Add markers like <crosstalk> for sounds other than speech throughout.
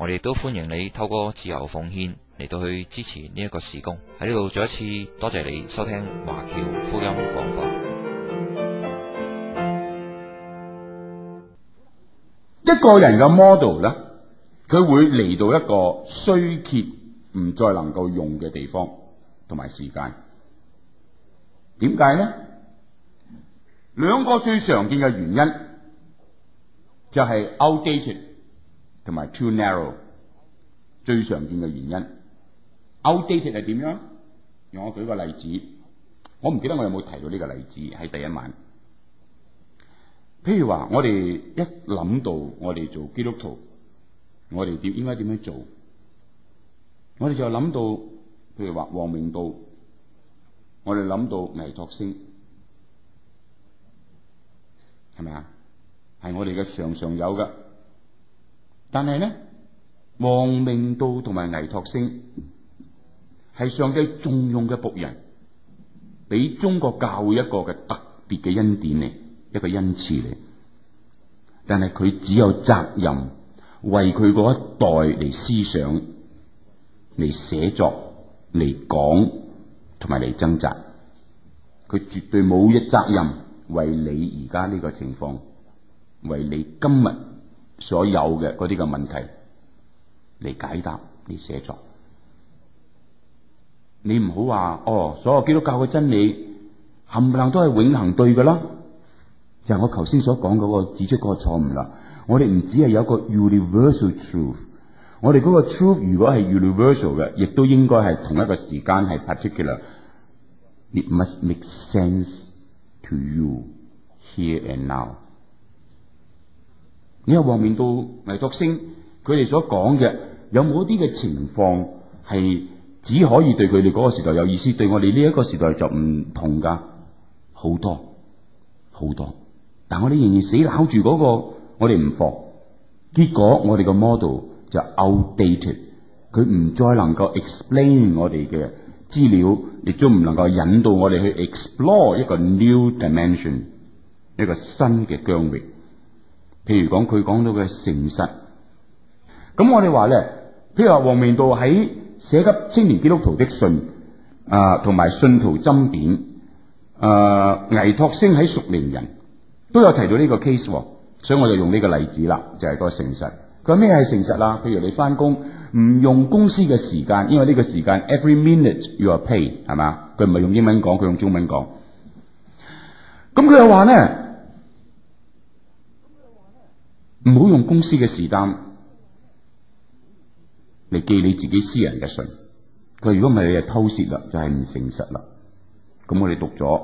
我哋都歡迎你透過自由奉獻嚟到去支持呢一個事工。喺呢度再一次多謝你收聽華僑福音廣播。一個人嘅 model 咧，佢會嚟到一個衰竭唔再能夠用嘅地方同埋時間。點解咧？兩個最常見嘅原因就係、是、outdated。同埋 too narrow，最常見嘅原因 outdated 係點樣？我舉個例子，我唔記得我有冇提到呢個例子喺第一晚。譬如話我哋一諗到我哋做基督徒，我哋點應該點樣做？我哋就諗到，譬如話王明道，我哋諗到倪柝聲，係咪啊？係我哋嘅常常有嘅。但係咧，王明道同埋倪柝聲係上帝重用嘅僕人，俾中國教會一個嘅特別嘅恩典嚟，一個恩賜嚟。但係佢只有責任為佢嗰一代嚟思想、嚟寫作、嚟講同埋嚟掙扎。佢絕對冇一責任為你而家呢個情況，為你今日。所有嘅啲嘅問題嚟解答，你寫作，你唔好話哦，所有基督教嘅真理冚唪唥都係永恆對嘅啦。就係我頭先所講個指出個錯誤啦。我哋唔止係有個 universal truth，我哋個 truth 如果係 universal 嘅，亦都應該係同一個時間係 particular。It must make sense to you here and now. 你一望面到倪作星，佢哋所講嘅有冇啲嘅情況係只可以對佢哋嗰個時代有意思，對我哋呢一個時代就唔同噶，好多好多。但我哋仍然死咬住嗰個，我哋唔放，結果我哋個 model 就 outdated，佢唔再能夠 explain 我哋嘅資料，亦都唔能夠引導我哋去 explore 一個 new dimension，一個新嘅疆域。譬如講佢講到嘅誠實，咁我哋話咧，譬如話王明道喺《寫給青年基督徒的信》啊、呃，同埋《信徒針砭》啊、呃，倪柝聲喺《屬靈人》都有提到呢個 case，所以我就用呢個例子啦，就係、是、個誠實。佢話咩係誠實啦？譬如你翻工唔用公司嘅時間，因為呢個時間 every minute you are paid 係嘛，佢唔係用英文講，佢用中文講。咁佢又話咧。唔好用公司嘅時間嚟寄你自己私人嘅信。佢如果唔係你係偷竊啦，就係唔誠實啦。咁我哋讀咗，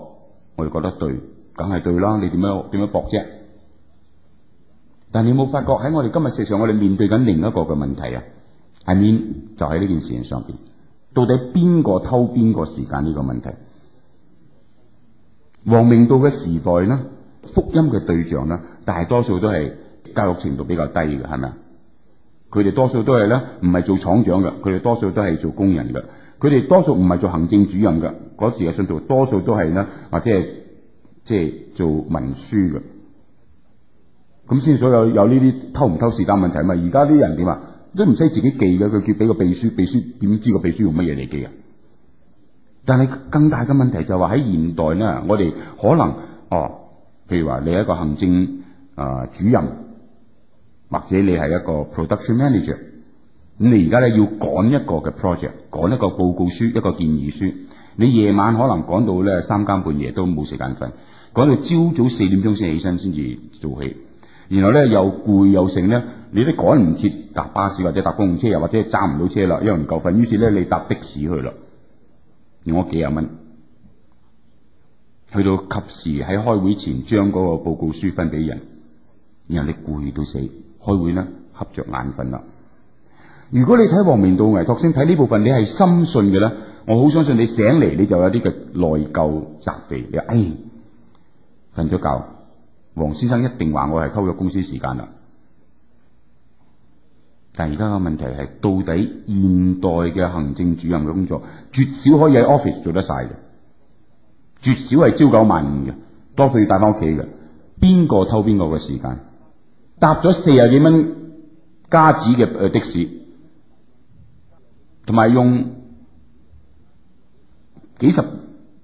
我哋覺得對，梗係對啦。你點樣點樣搏啫？但你有冇發覺喺我哋今日世上，我哋面對緊另一個嘅問題啊？I mean 就喺呢件事情上邊，到底邊個偷邊個時間呢個問題？王明道嘅時代咧，福音嘅對象咧，大多數都係。教育程度比較低嘅係咪啊？佢哋多數都係咧，唔係做廠長嘅，佢哋多數都係做工人嘅。佢哋多數唔係做行政主任嘅。嗰時嘅信徒多數都係咧，或者係即係做文書嘅。咁先所有有呢啲偷唔偷時間問題啊？嘛，而家啲人點啊？都唔使自己記嘅，佢叫俾個秘書，秘書點知個秘書用乜嘢嚟記啊？但係更大嘅問題就係話喺現代咧，我哋可能哦，譬如話你係一個行政啊、呃、主任。或者你係一個 production manager，咁你而家咧要趕一個嘅 project，趕一個報告書、一個建議書。你夜晚可能趕到咧三更半夜都冇時間瞓，趕到朝早四點鐘先起身先至做起，然後咧又攰又剩咧，你都趕唔切搭巴士或者搭公共車，又或者揸唔到車啦，因為唔夠瞓。於是咧你搭的士去啦，用咗幾廿蚊，去到及時喺開會前將嗰個報告書分俾人，然後你攰到死。開會呢，合着眼瞓啦。如果你睇王明道、倪柝聲睇呢部分，你係深信嘅咧，我好相信你醒嚟，你就有啲嘅內疚、責備。你話哎，瞓咗覺，黃先生一定話我係偷咗公司時間啦。但係而家嘅問題係，到底現代嘅行政主任嘅工作，絕少可以喺 office 做得晒嘅，絕少係朝九晚五嘅，多數要帶翻屋企嘅。邊個偷邊個嘅時間？搭咗四十幾蚊加紙嘅誒的士，同埋用幾十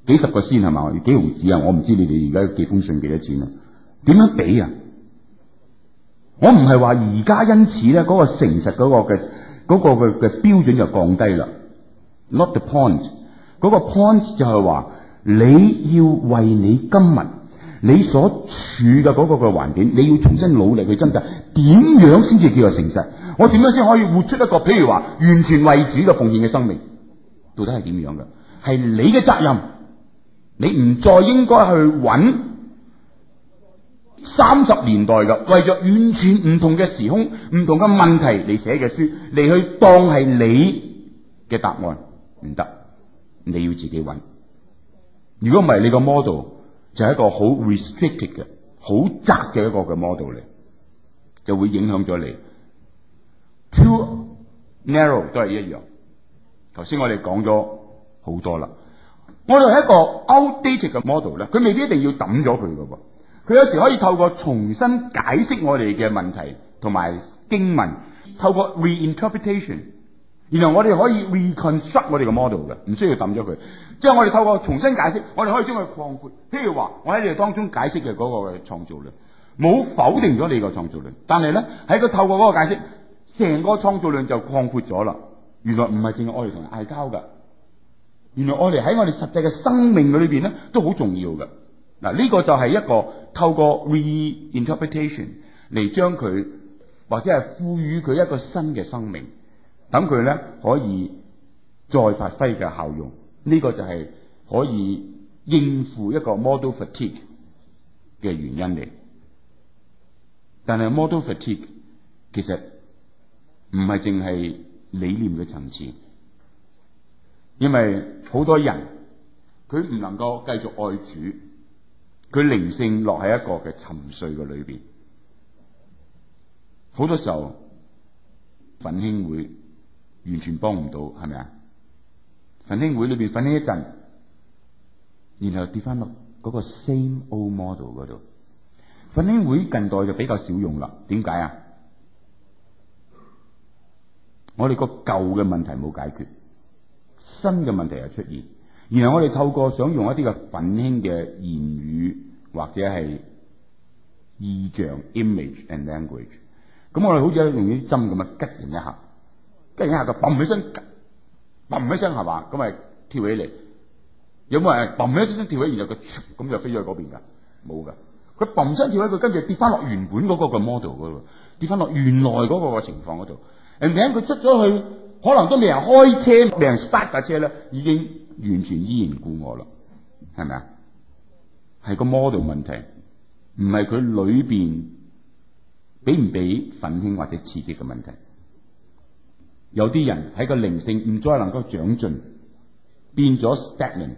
幾十個先係嘛？幾毫紙啊？我唔知你哋而家寄封信幾多錢啊？點樣畀啊？我唔係話而家因此咧嗰個誠實嗰個嘅、嗰個嘅嘅標準就降低啦。Not the point。嗰個 point 就係話你要為你今日。你所處嘅嗰個嘅環境，你要重新努力去掙扎，點樣先至叫做誠實？我點樣先可以活出一個，譬如話完全為主嘅奉獻嘅生命？到底係點樣嘅？係你嘅責任，你唔再應該去揾三十年代嘅、為着完全唔同嘅時空、唔同嘅問題，你寫嘅書嚟去當係你嘅答案，唔得，你要自己揾。如果唔係你個 model，就係一個好 restricted 嘅、好窄嘅一個嘅 model 嚟，就會影響咗你。too narrow 都係一樣。頭先我哋講咗好多啦，我哋係一個 outdated 嘅 model 咧，佢未必一定要抌咗佢㗎喎。佢有時可以透過重新解釋我哋嘅問題同埋經文，透過 reinterpretation，然後我哋可以 reconstruct 我哋嘅 model 嘅，唔需要抌咗佢。即係我哋透過重新解釋，我哋可以將佢擴闊。譬如話，我喺你哋當中解釋嘅嗰個嘅創造力，冇否定咗你個創造力，但係咧喺個透過嗰個解釋，成個創造力就擴闊咗啦。原來唔係淨係我哋同人嗌交噶，原來我哋喺我哋實際嘅生命裏邊咧都好重要嘅，嗱，呢個就係一個透過 reinterpretation 嚟將佢或者係賦予佢一個新嘅生命，等佢咧可以再發揮嘅效用。呢個就係可以應付一個 model fatigue 嘅原因嚟，但係 model fatigue 其實唔係淨係理念嘅層次，因為好多人佢唔能夠繼續愛主，佢靈性落喺一個嘅沉睡嘅裏邊，好多時候奮興會完全幫唔到，係咪啊？奮興會裏邊奮興一陣，然後跌翻落嗰個 Same Old Model 嗰度。奮興會近代就比較少用啦。點解啊？我哋個舊嘅問題冇解決，新嘅問題又出現。然後我哋透過想用一啲嘅奮興嘅言語或者係意象 （image and language），咁我哋好似用啲針咁樣激人一下，激人一下就嘭起身。嘣一聲係嘛，咁咪跳起嚟？有冇人嘣一聲跳起，然後佢咁就飛咗去嗰邊噶？冇噶，佢嘣聲跳起，佢跟住跌翻落原本嗰個個 model 嗰度，跌翻落原來嗰個情況嗰度。人哋喺佢出咗去，可能都未人開車，未人塞架車咧，已經完全依然故我啦，係咪啊？係個 model 問題，唔係佢裏邊俾唔俾奮興或者刺激嘅問題。有啲人喺個靈性唔再能夠長進，變咗 stagnant。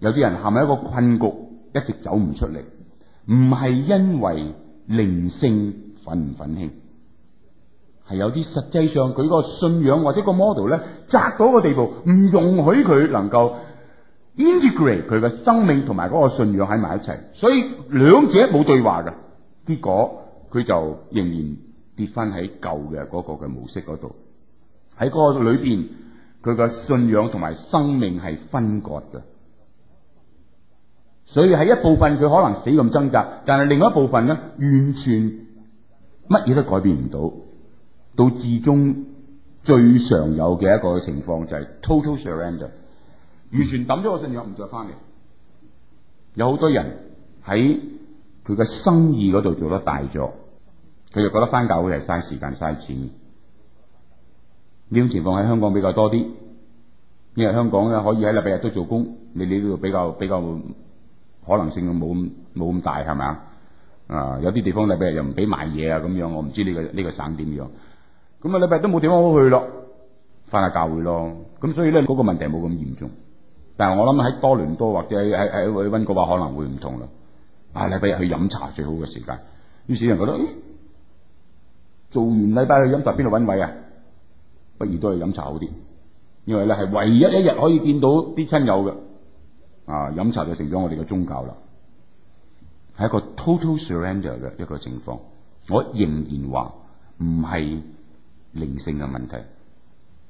有啲人陷喺一個困局，一直走唔出嚟，唔係因為靈性奮唔奮興，係有啲實際上佢個信仰或者個 model 咧窄到個地步，唔容許佢能夠 integrate 佢嘅生命同埋嗰個信仰喺埋一齊，所以兩者冇對話嘅結果，佢就仍然跌翻喺舊嘅嗰個嘅模式嗰度。喺嗰個裏邊，佢個信仰同埋生命係分割嘅，所以喺一部分佢可能死咁掙扎，但係另外一部分咧完全乜嘢都改變唔到，到至終最常有嘅一個情況就係、是、total surrender，完全抌咗個信仰唔再翻嚟。有好多人喺佢個生意嗰度做得大咗，佢就覺得翻教會係嘥時間嘥錢。呢種情況喺香港比較、right? uh, are, so、多啲，因為喺香港咧可以喺禮拜日都做工，你呢度比較比較可能性冇冇咁大係咪啊？啊，有啲地方禮拜日又唔俾買嘢啊咁樣，我唔知呢個呢個省點樣。咁啊禮拜日都冇點樣好去咯，返下教會咯。咁所以咧嗰個問題冇咁嚴重，但係我諗喺多倫多或者喺喺喺溫哥華可能會唔同啦。啊，禮拜日去飲茶最好嘅時間。於是有人覺得，做完禮拜去飲茶邊度搵位啊？不如都係飲茶好啲，因為咧係唯一一日可以見到啲親友嘅，啊飲茶就成咗我哋嘅宗教啦，係一個 total surrender 嘅一個情況。我仍然話唔係靈性嘅問題，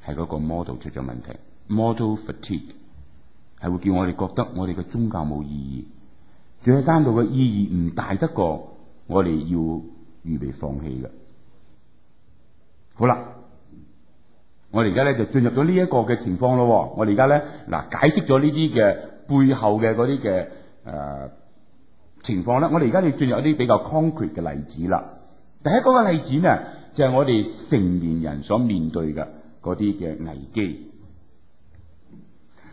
係嗰個 model 出咗問題，model fatigue 係會叫我哋覺得我哋嘅宗教冇意義，仲係單獨嘅意義唔大得過我哋要預備放棄嘅。好啦。我哋而家咧就進入咗呢一個嘅情況咯，我哋而家咧嗱，解釋咗呢啲嘅背後嘅嗰啲嘅誒情況咧，我哋而家要進入一啲比較 concrete 嘅例子啦。第一個例子咧就係我哋成年人所面對嘅嗰啲嘅危機。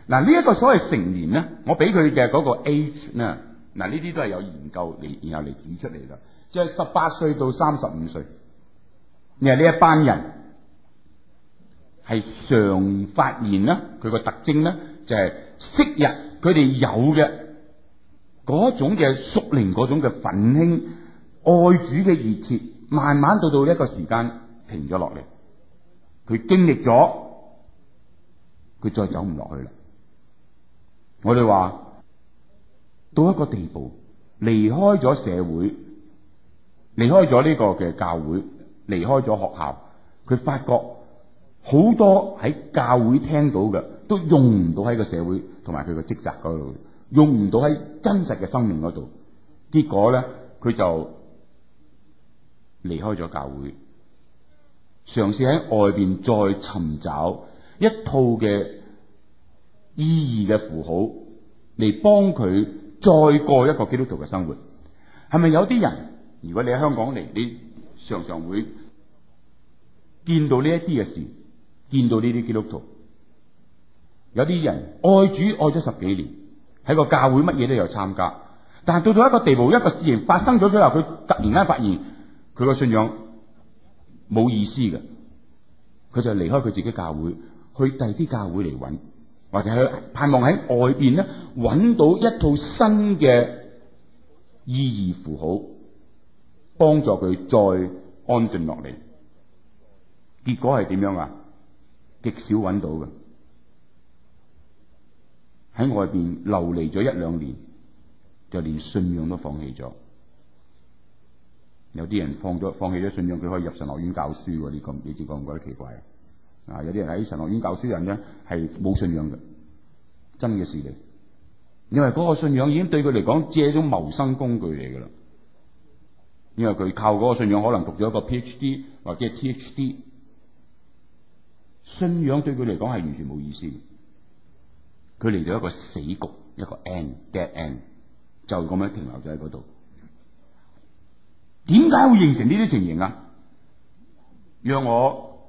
嗱，呢一個所謂成年咧，我俾佢嘅嗰個 age 咧，嗱，呢啲都係有研究嚟，然後嚟指出嚟啦，就係十八歲到三十五歲，你係呢一班人。係常發現咧，佢個特徵咧就係昔日佢哋有嘅嗰種嘅屬靈，嗰種嘅奮興、愛主嘅熱切，慢慢到到一個時間停咗落嚟，佢經歷咗，佢再走唔落去啦。我哋話到一個地步，離開咗社會，離開咗呢個嘅教會，離開咗學校，佢發覺。好多喺教會聽到嘅，都用唔到喺個社會同埋佢個職責嗰度，用唔到喺真實嘅生命嗰度。結果咧，佢就離開咗教會，嘗試喺外邊再尋找一套嘅意義嘅符號嚟幫佢再過一個基督徒嘅生活。係咪有啲人？如果你喺香港嚟，你常常會見到呢一啲嘅事。見到呢啲基督徒，有啲人愛主愛咗十幾年，喺個教會乜嘢都有參加，但係到到一個地步，一個事情發生咗之後，佢突然間發現佢個信仰冇意思嘅，佢就離開佢自己教會，去第二啲教會嚟揾或者去盼望喺外邊咧揾到一套新嘅意義符號，幫助佢再安頓落嚟。結果係點樣啊？極少揾到嘅，喺外邊流離咗一兩年，就連信仰都放棄咗。有啲人放咗放棄咗信仰，佢可以入神學院教書。你、這、咁、個，你知覺唔覺得奇怪？啊，有啲人喺神學院教書人咧，係冇信仰嘅，真嘅事嚟。因為嗰個信仰已經對佢嚟講借係一種謀生工具嚟噶啦。因為佢靠嗰個信仰可能讀咗一個 PhD 或者係 ThD。信仰對佢嚟講係完全冇意思嘅，佢嚟到一個死局，一個 end，dead end，就咁樣停留咗喺嗰度。點解會形成呢啲情形啊？讓我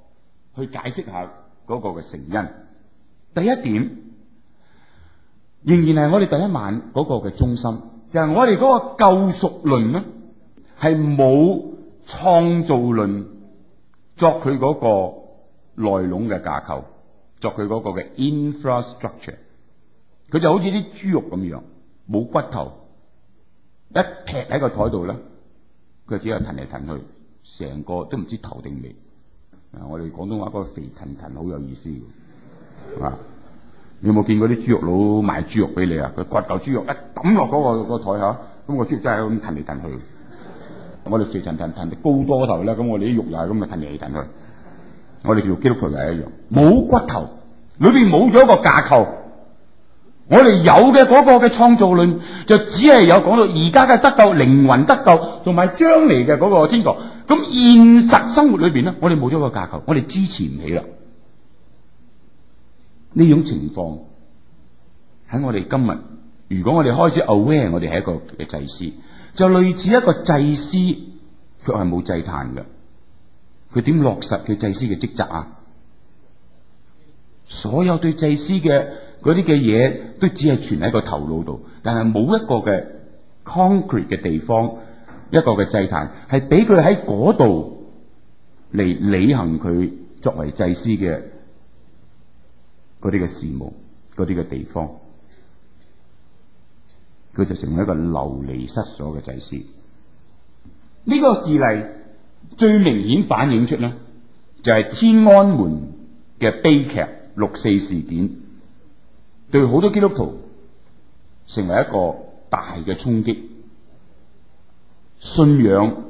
去解釋下嗰個嘅成因。第一點，仍然係我哋第一晚嗰個嘅中心，就係、是、我哋嗰個救贖論咧，係冇創造論作佢嗰、那個。內籠嘅架構，作佢嗰個嘅 infrastructure，佢就好似啲豬肉咁樣，冇骨頭，一劈喺個台度咧，佢只係騰嚟騰去，成個都唔知頭定尾。啊，我哋廣東話嗰個肥騰騰好有意思啊， <laughs> 你有冇見過啲豬肉佬賣豬肉俾你啊？佢割嚿豬肉一抌落嗰個、嗰個台吓，咁個豬肉真係咁騰嚟騰去。我哋肥騰騰騰高多頭咧，咁我哋啲肉又係咁嘅騰嚟騰去。我哋叫做基督徒就係一樣，冇骨頭，裏邊冇咗一個架構。我哋有嘅個嘅創造論就只係有講到而家嘅得救、靈魂得救，同埋將嚟嘅個天國。咁現實生活裏邊咧，我哋冇咗個架構，我哋支持唔起啦。呢種情況喺我哋今日，如果我哋開始 aware，我哋係一個嘅祭司，就類似一個祭司，佢係冇祭壇嘅。佢點落實佢祭司嘅職責啊？所有對祭司嘅嗰啲嘅嘢，都只係存喺個頭腦度，但係冇一個嘅 concrete 嘅地方，一個嘅祭壇，係俾佢喺嗰度嚟履行佢作為祭司嘅嗰啲嘅事務，嗰啲嘅地方，佢就成為一個流離失所嘅祭司。呢、這個事例。最明顯反映出咧，就係、是、天安門嘅悲劇六四事件，對好多基督徒成為一個大嘅衝擊，信仰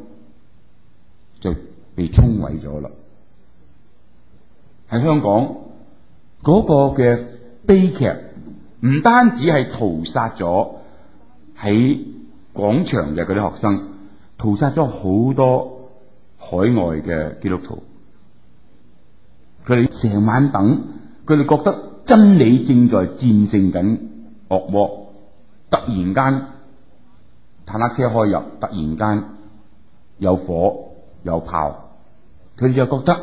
就被沖毀咗啦。喺香港嗰、那個嘅悲劇，唔單止係屠殺咗喺廣場嘅嗰啲學生，屠殺咗好多。海外嘅基督徒，佢哋成晚等，佢哋覺得真理正在戰勝緊惡魔。突然間坦克車開入，突然間有火有炮，佢哋就覺得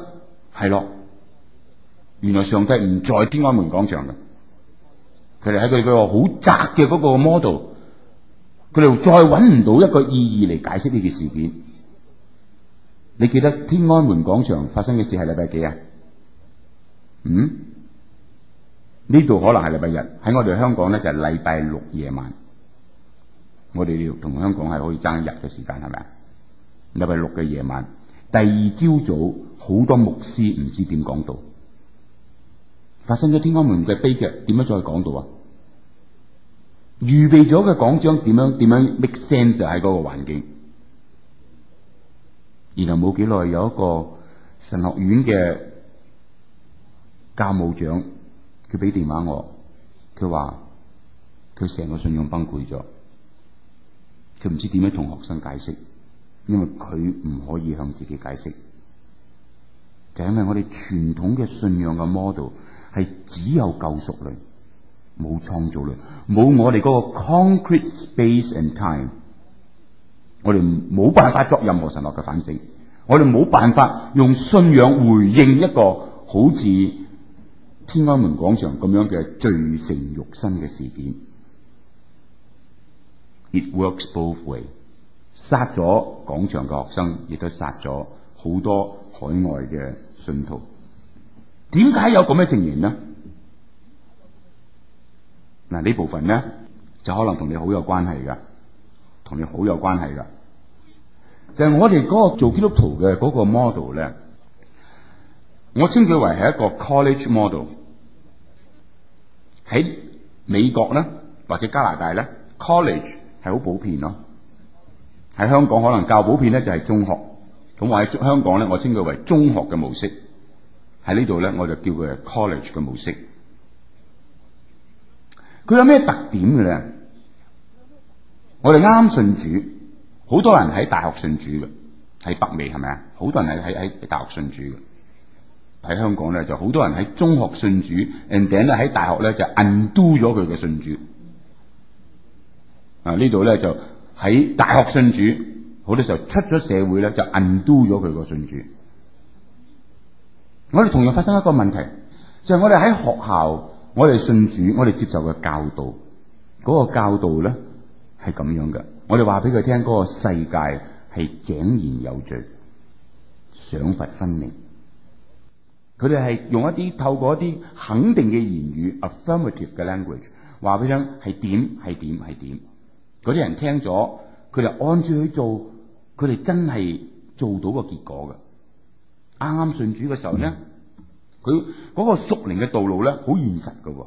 係咯，原來上帝唔在天安門廣場嘅。佢哋喺佢嗰個好窄嘅個 model，佢哋再揾唔到一個意義嚟解釋呢件事件。你記得天安門廣場發生嘅事係禮拜幾啊？嗯？呢度可能係禮拜日喺我哋香港咧，就係禮拜六夜晚。我哋同香港係可以爭一日嘅時間，係咪啊？禮拜六嘅夜晚，第二朝早好多牧師唔知點講道。發生咗天安門嘅悲劇，點樣再去講道啊？預備咗嘅講章點樣點樣 make sense 喺嗰個環境？然後冇幾耐，有一個神學院嘅教務長，佢俾電話我，佢話佢成個信仰崩潰咗，佢唔知點樣同學生解釋，因為佢唔可以向自己解釋，就因為我哋傳統嘅信仰嘅 model 係只有救贖論，冇創造論，冇我哋嗰個 concrete space and time，我哋冇辦法作任何神學嘅反省。我哋冇辦法用信仰回應一個好似天安門廣場咁樣嘅罪成肉身嘅事件。It works both way，殺咗廣場嘅學生，亦都殺咗好多海外嘅信徒。點解有咁嘅證言呢？嗱，呢部分呢，就可能同你好有關係嘅，同你好有關係嘅。就係我哋嗰個做基督徒嘅嗰個 model 咧，我稱佢為係一個 college model。喺美國咧或者加拿大咧，college 係好普遍咯。喺香港可能較普遍咧就係中學。咁我喺香港咧，我稱佢為中學嘅模式。喺呢度咧，我就叫佢係 college 嘅模式。佢有咩特點嘅咧？我哋啱啱信主。好多人喺大學信主嘅，喺北美係咪啊？好多人係喺喺大學信主嘅，喺香港咧就好多人喺中學信主，and then 咧喺大學咧就 undo 咗佢嘅信主。啊，呢度咧就喺大學信主，好多時候出咗社會咧就 undo 咗佢個信主。我哋同樣發生一個問題，就係我哋喺學校，我哋信主，我哋接受嘅教導，嗰個教導咧係咁樣嘅。我哋話俾佢聽，嗰個世界係井然有序、想法分明。佢哋係用一啲透過一啲肯定嘅言語 （affirmative 嘅 language） 話俾佢聽係點，係點，係點。嗰啲人聽咗，佢哋按住去做，佢哋真係做到個結果嘅。啱啱信主嘅時候咧，佢嗰，嗯，嗰個屬靈嘅道路咧，好現實㗎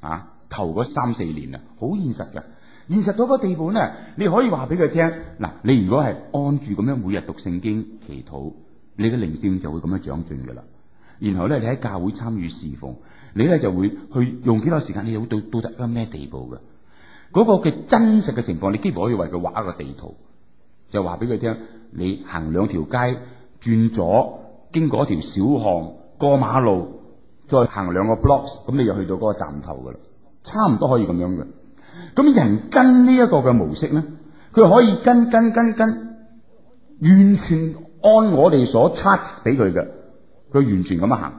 啊，頭嗰三四年啊，好現實㗎。現實到個地步咧，你可以話俾佢聽，嗱，你如果係按住咁樣每日讀聖經祈禱，你嘅靈性就會咁樣長進噶啦。然後咧，你喺教會參與侍奉，你咧就會去用幾多時間，你就會到到達一個咩地步㗎。嗰、那個嘅真實嘅情況，你幾乎可以為佢畫一個地圖，就話俾佢聽，你行兩條街，轉左，經過條小巷，過馬路，再行兩個 blocks，咁你就去到嗰個站頭噶啦，差唔多可以咁樣嘅。咁人跟呢一個嘅模式咧，佢可以跟跟跟跟，完全按我哋所 charge 俾佢嘅，佢完全咁樣行，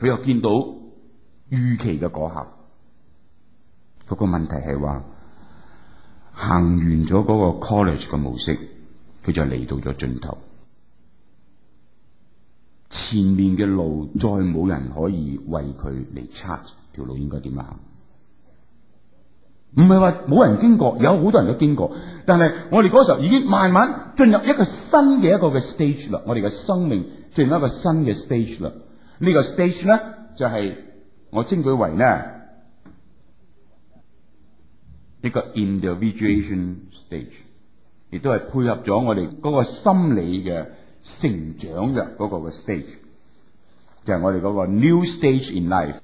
佢又見到預期嘅嗰下。個問題係話，行完咗嗰個 college 嘅模式，佢就嚟到咗盡頭，前面嘅路再冇人可以為佢嚟 charge 條路應該點樣行？唔係話冇人經過，有好多人都經過，但係我哋嗰時候已經慢慢進入一個新嘅一個嘅 stage 啦，我哋嘅生命進入一個新嘅 stage 啦。呢、呢個 stage 咧就係、是、我稱佢為咧呢一個 individuation stage，亦都係配合咗我哋嗰個心理嘅成長嘅嗰個嘅 stage，就係我哋嗰個 new stage in life。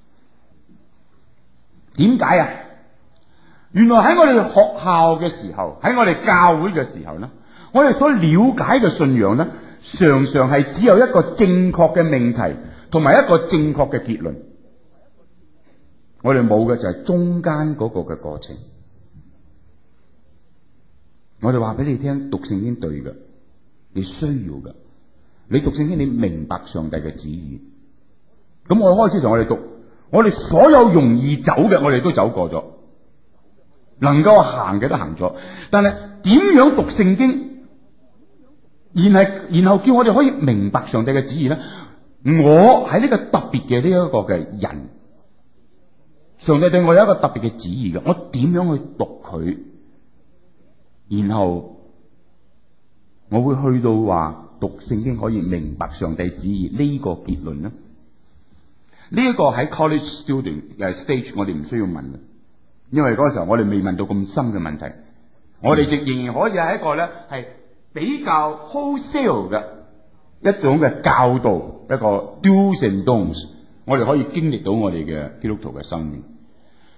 點解啊？原來喺我哋學校嘅時候，喺我哋教會嘅時候咧，我哋所了解嘅信仰咧，常常係只有一個正確嘅命題，同埋一個正確嘅結論。我哋冇嘅就係中間嗰個嘅過程。我哋話俾你聽，讀聖經對嘅，你需要嘅。你讀聖經，你明白上帝嘅旨意。咁我開始同我哋讀，我哋所有容易走嘅，我哋都走過咗。能夠行嘅都行咗，但係點樣讀聖經，然係然後叫我哋可以明白上帝嘅旨意咧？我喺呢個特別嘅呢一個嘅人，上帝對我有一個特別嘅旨意嘅，我點樣去讀佢，然後我會去到話讀聖經可以明白上帝旨意呢、這個結論咧？呢、這、一個喺 college student stage，我哋唔需要問嘅。因為嗰個時候我哋未問到咁深嘅問題，我哋仍然可以係一個咧係比較 wholesale 嘅一種嘅教導，一個 do’s and don’ts，我哋可以經歷到我哋嘅基督徒嘅生命。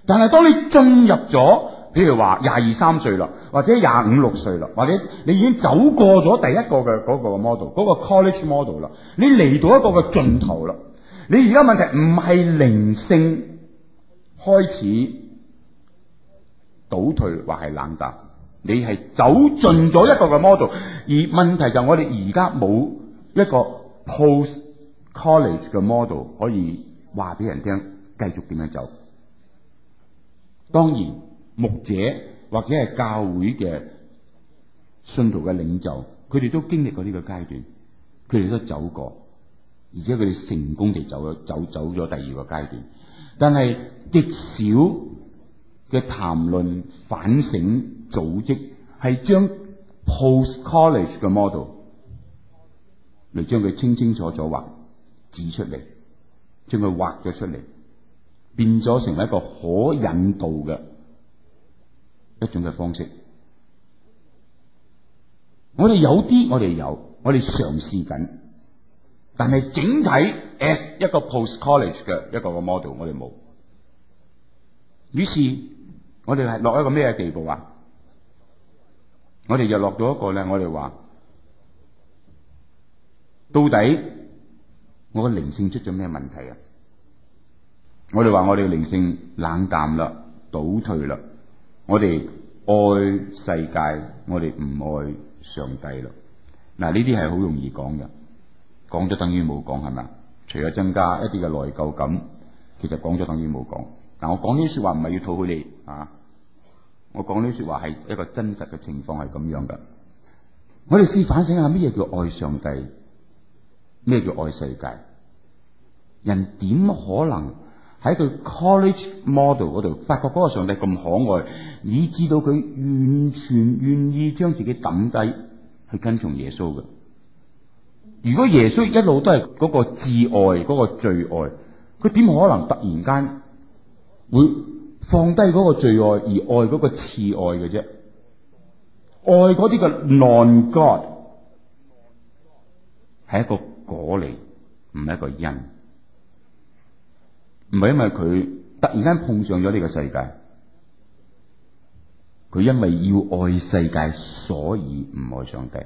但係當你進入咗，譬如話廿二三歲啦，或者廿五六歲啦，或者你已經走過咗第一個嘅嗰個 model，嗰個 college model 啦，你嚟到一個嘅盡頭啦，你而家問題唔係靈性開始。倒退或係冷淡，你係走進咗一個嘅 model，而問題就係我哋而家冇一個 post-college 嘅 model 可以話俾人聽，繼續點樣走。當然，牧者或者係教會嘅信徒嘅領袖，佢哋都經歷過呢個階段，佢哋都走過，而且佢哋成功地走咗走走咗第二個階段，但係極少。嘅談論、反省、組織，係將 post-college 嘅 model 嚟將佢清清楚楚畫指出嚟，將佢畫咗出嚟，變咗成為一個可引導嘅一種嘅方式。我哋有啲，我哋有，我哋嘗試緊，但係整體 as 一個 post-college 嘅一個個 model，我哋冇。於是。我哋係落一個咩嘅地步啊？我哋又落咗一個咧，我哋話到底我嘅靈性出咗咩問題啊？我哋話我哋嘅靈性冷淡啦，倒退啦，我哋愛世界，我哋唔愛上帝啦。嗱，呢啲係好容易講嘅，講咗等於冇講，係咪？除咗增加一啲嘅內疚感，其實講咗等於冇講。嗱，我講呢啲說話唔係要討好你。啊！我講呢說這些話係一個真實嘅情況，係咁樣噶。我哋試反省下，咩叫愛上帝？咩叫愛世界？人點可能喺佢 college model 嗰度發覺嗰個上帝咁可愛，以至到佢完全願意將自己抌低去跟從耶穌嘅？如果耶穌一路都係嗰個至愛、嗰、嗰個最愛，佢點可能突然間會？放低嗰個最愛，愛，愛而愛嗰個次愛嘅啫，愛嗰啲嘅 non God 係一個果嚟，唔係一個因。唔係因為佢突然間碰上咗呢個世界，佢因為要愛世界，所以唔愛上帝。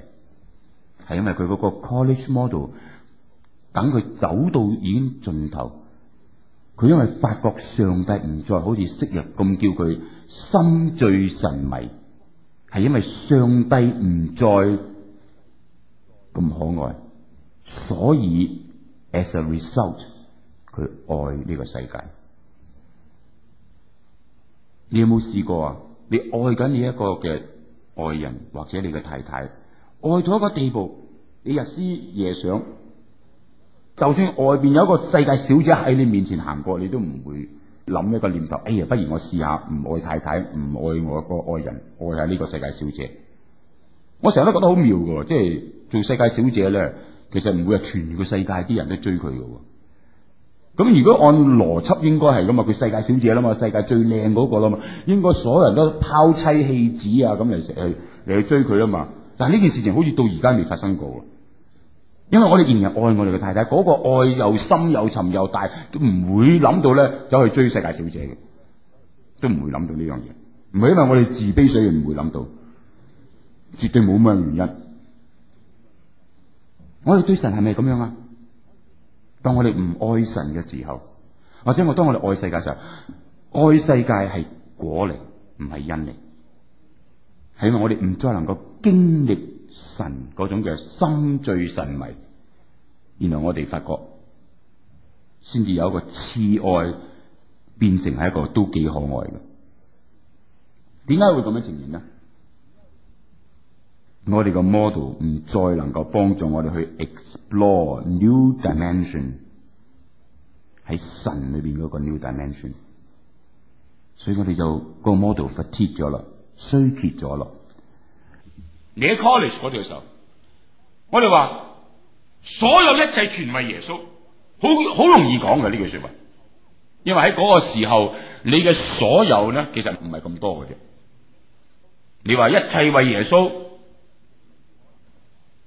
係因為佢嗰個 college model，等佢走到已經盡頭。佢因為發覺上帝唔再好似昔日咁叫佢心醉神迷，係因為上帝唔再咁可愛，所以 as a result 佢愛呢個世界。你有冇試過啊？你愛緊你一個嘅愛人或者你嘅太太，愛到一個地步，你日思夜想。就算外邊有一個世界小姐喺你面前行過，你都唔會諗一個念頭。哎呀，不如我試下唔愛太太，唔愛我個愛人，愛下呢個世界小姐。我成日都覺得好妙噶，即係做世界小姐咧，其實唔會係全個世界啲人都追佢噶。咁如果按邏輯應該係咁啊，佢世界小姐啦嘛，世界最靚嗰個啦嘛，應該所有人都拋妻棄子啊咁嚟嚟去追佢啦嘛。但係呢件事情好似到而家未發生過。因為我哋仍然愛我哋嘅太太，嗰、那個愛又深又沉又大，都唔會諗到咧走去追世界小姐嘅，都唔會諗到呢樣嘢。唔係因為我哋自卑所以唔會諗到，絕對冇咩原因。我哋對神係咪咁樣啊？當我哋唔愛神嘅時候，或者我當我哋愛世界上，愛世界係果嚟，唔係因嚟，係因為我哋唔再能夠經歷。神那種嘅心醉神迷，然後我哋發覺，先至有一個痴愛變成係一個都幾可愛嘅。點解會咁樣呈現咧？我哋個 model 唔再能夠幫助我哋去 explore new dimension 喺神裏邊嗰個 new dimension，所以我哋就個 model fatigue 咗啦，衰竭咗啦。你喺 college 嗰度嘅時候，我哋話所有一切全為耶穌，好好容易講嘅呢句說話，因為喺個時候你嘅所有咧，其實唔係咁多嘅啫。你話一切為耶穌，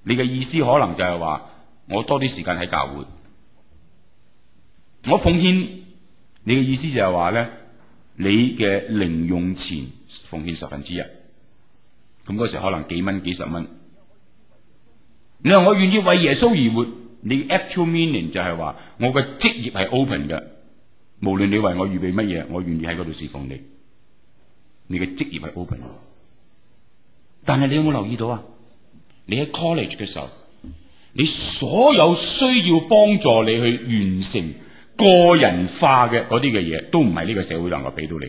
你嘅意思可能就係話我多啲時間喺教會，我奉獻你嘅意思就係話咧，你嘅零用錢奉獻十分之一。咁嗰時可能幾蚊幾十蚊，你話我願意為耶穌而活，你 actual meaning 就係話我嘅職業係 open 嘅，無論你為我預備乜嘢，我願意喺嗰度侍奉你，你嘅職業係 open。但係你有冇留意到啊？你喺 college 嘅時候，你所有需要幫助你去完成個人化嘅嗰啲嘅嘢，都唔係呢個社會能夠俾到你，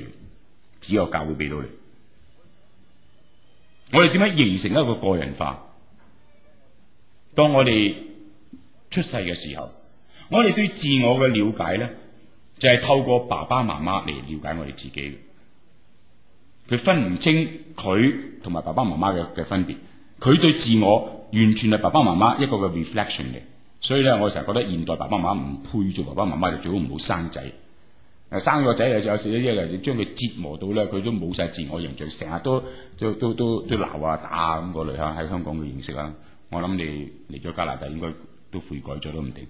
只有教會俾到你。我哋點樣形成一個個人化？當我哋出世嘅時候，我哋對自我嘅了解咧，就係透過爸爸媽媽嚟了解我哋自己嘅。佢分唔清佢同埋爸爸媽媽嘅嘅分別，佢對自我完全係爸爸媽媽一個嘅 reflection 嚟。所以咧，我成日覺得現代爸爸媽媽唔配做爸爸媽媽，就最好唔好生仔。生個仔就有時咧，一日你將佢折磨到咧，佢都冇晒自我形象，成日都都都都都鬧啊打啊咁嗰、那個、類吓喺香港嘅認識啊，我諗你嚟咗加拿大應該都悔改咗都唔定。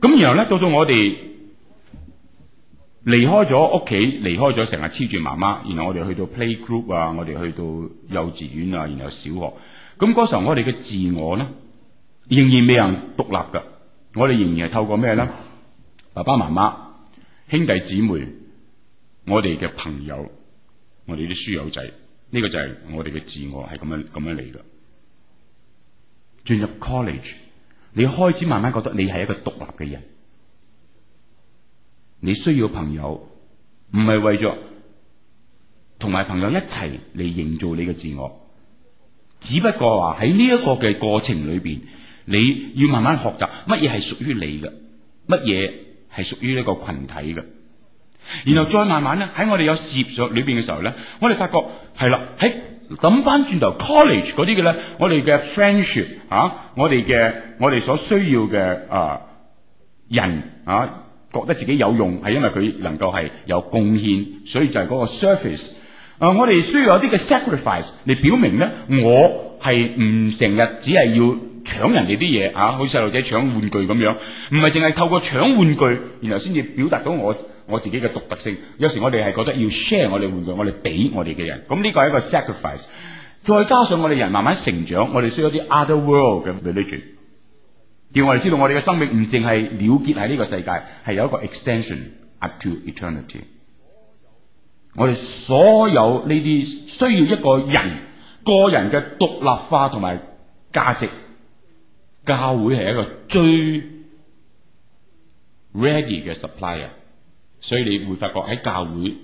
咁 <laughs> 然後咧，到到我哋離開咗屋企，離開咗成日黐住媽媽，然後我哋去到 playgroup 啊，我哋去到幼稚園啊，然後小學，咁嗰時候我哋嘅自我咧，仍然未能獨立噶。我哋仍然係透過咩咧？爸爸媽媽、兄弟姊妹、我哋嘅朋友、我哋啲書友仔，呢個就係我哋嘅自我，係咁樣咁樣嚟嘅。進入 college，你開始慢慢覺得你係一個獨立嘅人，你需要朋友，唔係為咗同埋朋友一齊嚟營造你嘅自我，只不過話喺呢一個嘅過程裏邊，你要慢慢學習乜嘢係屬於你嘅，乜嘢。係屬於一個群體嘅，然後再慢慢咧，喺我哋有涉咗裏邊嘅時候咧，我哋發覺係啦，喺諗翻轉頭 college 嗰啲嘅咧，我哋嘅 friendship 啊我哋嘅我哋所需要嘅人啊，覺得自己有用係因為佢能夠係有貢獻，所以就係嗰個 service 啊，我哋需要有啲嘅 sacrifice 嚟表明咧，我係唔成日只係要，搶人哋啲嘢啊，好似細路仔搶玩具咁樣，唔係淨係透過搶玩具，然後先至表達到我我自己嘅獨特性。有時我哋係覺得要 share 我哋玩具，我哋俾我哋嘅人，咁呢個係一個 sacrifice。再加上我哋人慢慢成長，我哋需要啲 other world 嘅 religion，叫我哋知道我哋嘅生命唔淨係了結喺呢個世界，係有一個 extension up to eternity。我哋所有呢啲需要一個人個人嘅獨立化同埋價值。教會係一個最 ready 嘅 supplier，所以你會發覺喺教會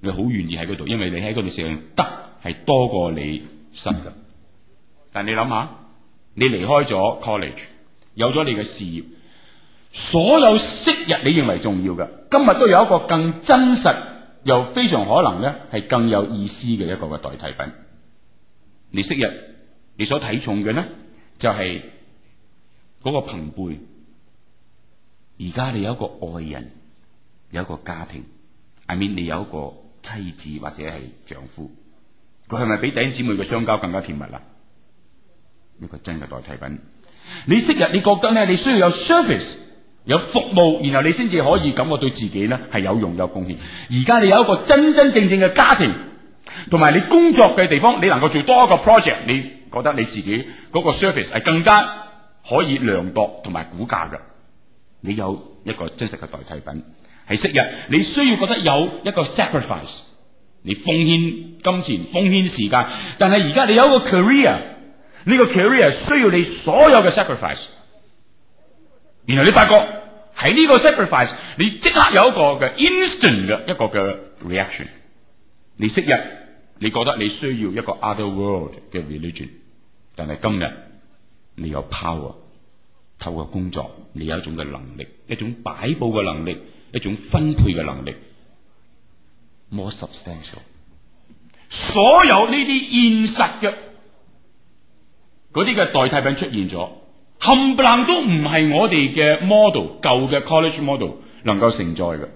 你好願意喺嗰度，因為你喺嗰度食得嘅係多過你身噶。但你諗下，你離開咗 college，有咗你嘅事業，所有昔日你認為重要嘅，今日都有一個更真實又非常可能咧，係更有意思嘅一個嘅代替品。你昔日你所睇重嘅咧，就係、是。嗰個朋輩，而家你有一個愛人，有一個家庭，I mean 你有一個妻子或者係丈夫，佢係咪比弟兄姊妹嘅相交更加甜蜜啊？呢個真嘅代替品。你昔日你覺得咧，你需要有 service 有服務，然後你先至可以感覺對自己咧係有用有貢獻。而家你有一個真真正正嘅家庭，同埋你工作嘅地方，你能夠做多一個 project，你覺得你自己嗰個 service 係更加。可以量度同埋估價嘅，你有一個真實嘅代替品係昔日，你需要覺得有一個 sacrifice，你奉獻金錢、奉獻時間，但係而家你有一個 career，呢個 career 需要你所有嘅 sacrifice，然後你發覺喺呢個 sacrifice，你即刻有一個嘅 instant 嘅一個嘅 reaction，你昔日你覺得你需要一個 other world 嘅 religion，但係今日。你有 power，透過工作，你有一種嘅能力，一種擺佈嘅能力，一種分配嘅能力。More substantial，所有呢啲現實嘅嗰啲嘅代替品出現咗，冚唪唥都唔係我哋嘅 model，舊嘅 college model 能夠承載嘅。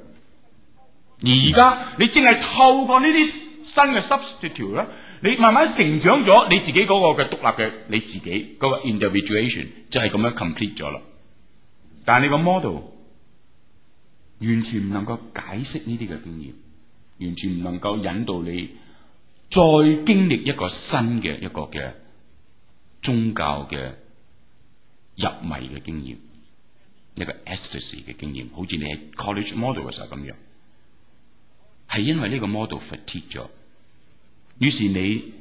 而家你淨係透過呢啲新嘅 substitute 咧。你慢慢成長咗，你自己嗰個嘅獨立嘅你自己嗰個 individuation 就係咁樣 complete 咗啦。但係你個 model 完全唔能夠解釋呢啲嘅經驗，完全唔能夠引導你再經歷一個新嘅一個嘅宗教嘅入迷嘅經驗，一個 ecstasy 嘅經驗，好似你喺 college model 嘅時候咁樣，係因為呢個 model fatigue 咗。於是你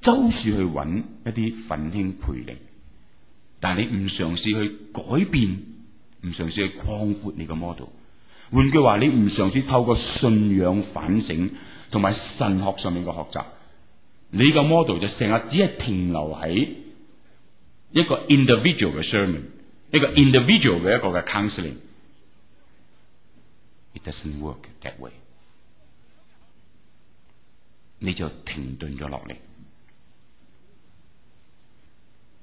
周處去揾一啲奮興培靈，但係你唔嘗試去改變，唔嘗試去擴闊你個 model。換句話，你唔嘗試透過信仰反省同埋神學上面嘅學習，你個 model 就成日只係停留喺一個 individual 嘅 sermon，一個 individual 嘅一個嘅 counseling。It doesn't work that way. 你就停頓咗落嚟，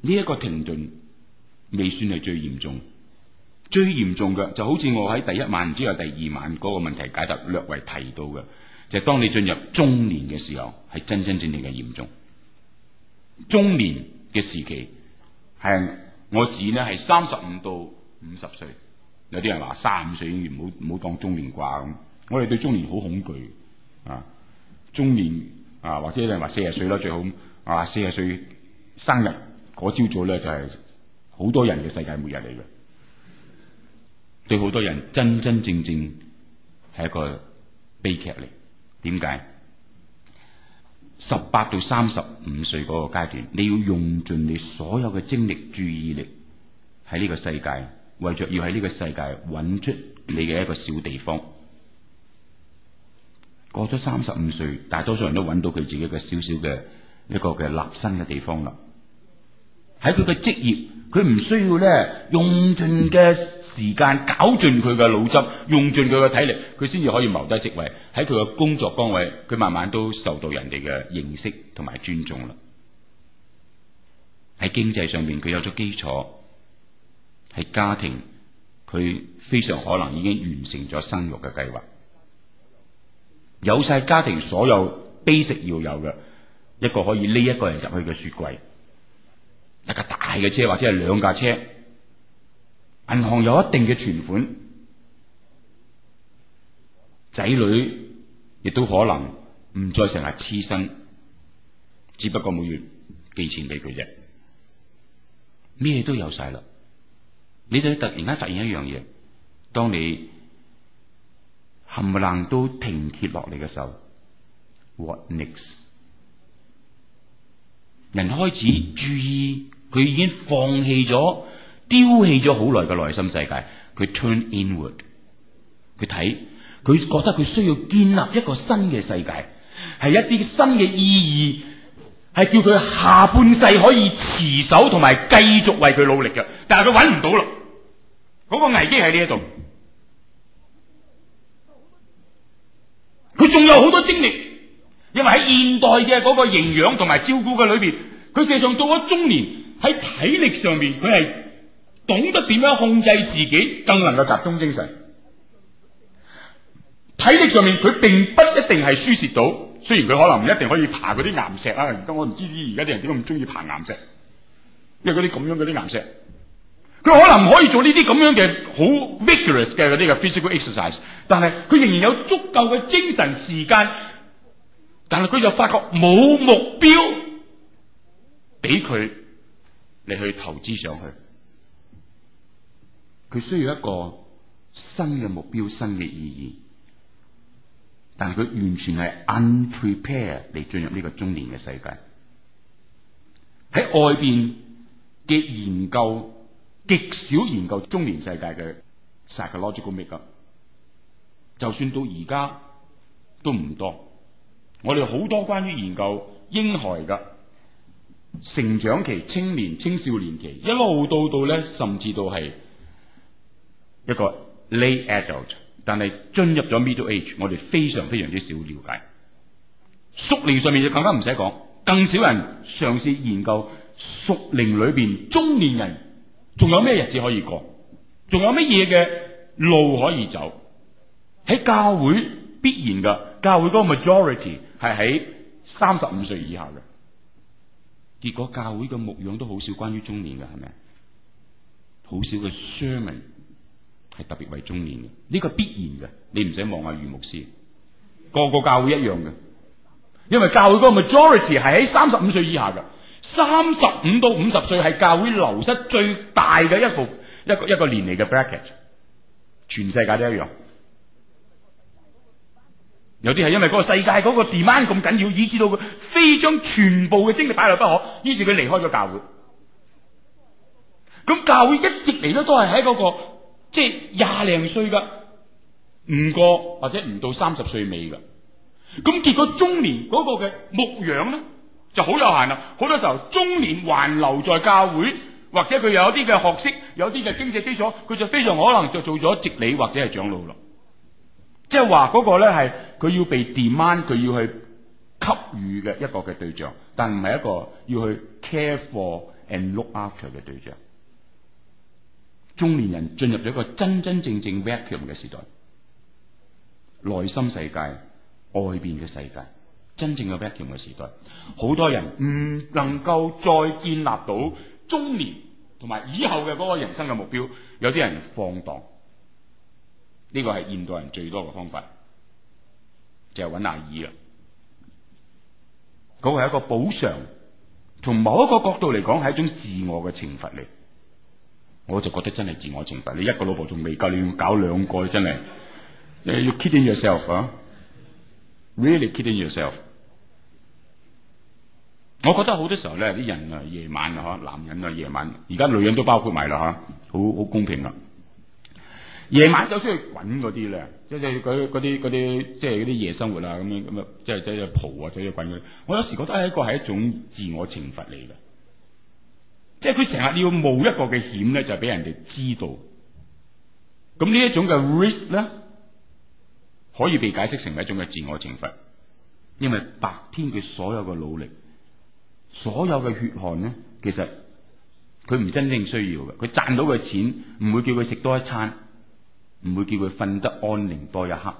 呢一個停頓未算係最嚴重，最嚴重嘅就好似我喺第一晚之後第二晚嗰個問題解答略為提到嘅，就係當你進入中年嘅時候，係真真正正嘅嚴重。中年嘅時期係我指呢係三十五到五十歲，有啲人話三五歲唔好唔好當中年啩，咁，我哋對中年好恐懼啊。中年啊，或者你話四十歲啦，最好啊，四十歲生日嗰朝早咧就係好多人嘅世界末日嚟嘅，對好多人真真正正係一個悲劇嚟。點解？十八到三十五歲個階段，你要用盡你所有嘅精力、注意力喺呢個世界，為着要喺呢個世界揾出你嘅一個小地方。過咗三十五歲，大多數人都揾到佢自己嘅少少嘅一個嘅立身嘅地方啦。喺佢嘅職業，佢唔需要咧用盡嘅時間，搞盡佢嘅腦汁，用盡佢嘅體力，佢先至可以謀得職位。喺佢嘅工作崗位，佢慢慢都受到人哋嘅認識同埋尊重啦。喺經濟上面，佢有咗基礎，喺家庭，佢非常可能已經完成咗生育嘅計劃。有晒家庭所有悲 a 要有嘅，一個可以匿一個人入去嘅雪櫃，一架大嘅車或者係兩架車，銀行有一定嘅存款，仔女亦都可能唔再成日黐身，只不過每月寄錢俾佢啫，咩都有晒啦，你就突然間發現一樣嘢，當你。冚唪唥都停歇落嚟嘅時候，What next？人開始注意佢已經放棄咗，丟棄咗好耐嘅內心世界，佢 turn inward，佢睇，佢覺得佢需要建立一個新嘅世界，係一啲新嘅意義，係叫佢下半世可以持守同埋繼續為佢努力嘅，但係佢揾唔到啦，嗰個危機喺呢一度。佢仲有好多精力，因為喺現代嘅嗰個營養同埋照顧嘅裏邊，佢實際上，到咗中年喺體力上面，佢係懂得點樣控制自己，更能夠集中精神。體力上面佢並不一定係輸蝕到，雖然佢可能唔一定可以爬嗰啲岩石啊。而家我唔知而家啲人點解咁中意爬岩石，因為嗰啲咁樣嗰啲岩石。佢可能唔可以做呢啲咁樣嘅好 vigorous 嘅嗰啲嘅 physical exercise，但係佢仍然有足夠嘅精神時間，但係佢又發覺冇目標俾佢嚟去投資上去，佢需要一個新嘅目標、新嘅意義，但係佢完全係 unprepared 嚟進入呢個中年嘅世界，喺外邊嘅研究。極少研究中年世界嘅 psychological make up 就算到而家都唔多。我哋好多關於研究嬰孩嘅成長期、青年、青少年期一路到到咧，甚至到係一個 lay adult，但係進入咗 middle age，我哋非常非常之少了解。屬靈上面就更加唔使講，更少人嘗試研究屬靈裏邊中年人。仲有咩日子可以過？仲有乜嘢嘅路可以走？喺教會必然噶，教會個 majority 係喺三十五歲以下嘅。結果教會嘅牧養，都好少關於中年嘅，係咪？好少嘅 sermon 係特別為中年嘅，呢個必然噶。你唔使望下余牧師，個個教會一樣嘅，因為教會個 majority 係喺三十五歲以下噶。三十五到五十歲係教會流失最大嘅一個一個一個年齡嘅 Bracket，全世界都一樣。有啲係因為嗰個世界嗰個 demand 咁緊要，以致到佢非將全部嘅精力擺落不可，於是佢離開咗教會。咁教，教會一直嚟咧都係喺嗰個即係廿零歲噶，唔過或者唔到三十歲尾噶。咁結果中年嗰個嘅牧養咧？就好有限啦！好多時候，中年還留在教會，或者佢有啲嘅學識，有啲嘅經濟基礎，佢就非常可能就做咗執理或者係長老咯。即係話個咧係佢要被 demand，佢要去給予嘅一個嘅對象，但唔係一個要去 care for and look after 嘅對象。中年人進入咗一個真真正正 vacuum 嘅時代，內心世界，外邊嘅世界。真正嘅不一 m 嘅時代，好多人唔能夠再建立到中年同埋以後嘅個個人生嘅目標，有啲人放蕩，呢個係現代人最多嘅方法，就係、是、揾阿姨啊！那個係一個補償，從某一個角度嚟講係一種自我嘅懲罰嚟。我就覺得真係自我懲罰，你一個老婆仲未夠，你要搞兩個真係，你要 kidding yourself 啊、huh?，really kidding yourself？我覺得好多時候咧，啲人啊夜晚啊男人啊夜晚，而家女人都包括埋啦嚇，好好公平啊。夜晚就出去滾嗰啲咧，即係嗰嗰啲啲即係嗰啲夜生活啊咁樣咁啊，即係即係蒲啊，即係滾嗰啲。我有時覺得咧，個係一種自我懲罰嚟嘅，即係佢成日要冒一個嘅險咧，就俾人哋知道。咁呢一種嘅 risk 咧，可以被解釋成為一種嘅自我懲罰，因為白天佢所有嘅努力。所有嘅血汗咧，其實佢唔真正需要嘅。佢賺到嘅錢，唔會叫佢食多一餐，唔會叫佢瞓得安寧多一刻，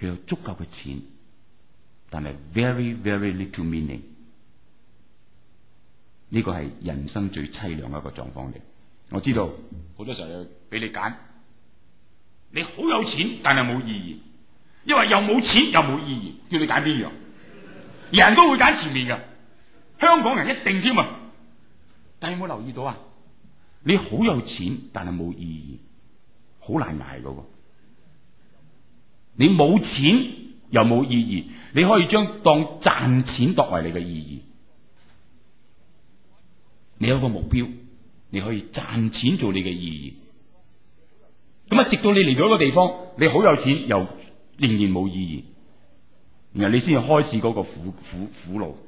佢有足夠嘅錢，但係 very very little meaning。呢個係人生最淒涼嘅一個狀況嚟。我知道好多時候俾你揀，你好有錢，但係冇意義，因為又冇錢又冇意義，叫你揀邊樣？人都會揀前面㗎。香港人一定添。但係有冇留意到啊？你好有錢，但係冇意義，好難挨嗰個。你冇錢又冇意義，你可以將當賺錢作為你嘅意義。你有一個目標，你可以賺錢做你嘅意義。咁啊，直到你嚟到一個地方，你好有錢又仍然冇意義。然後你先開始嗰個苦苦苦路，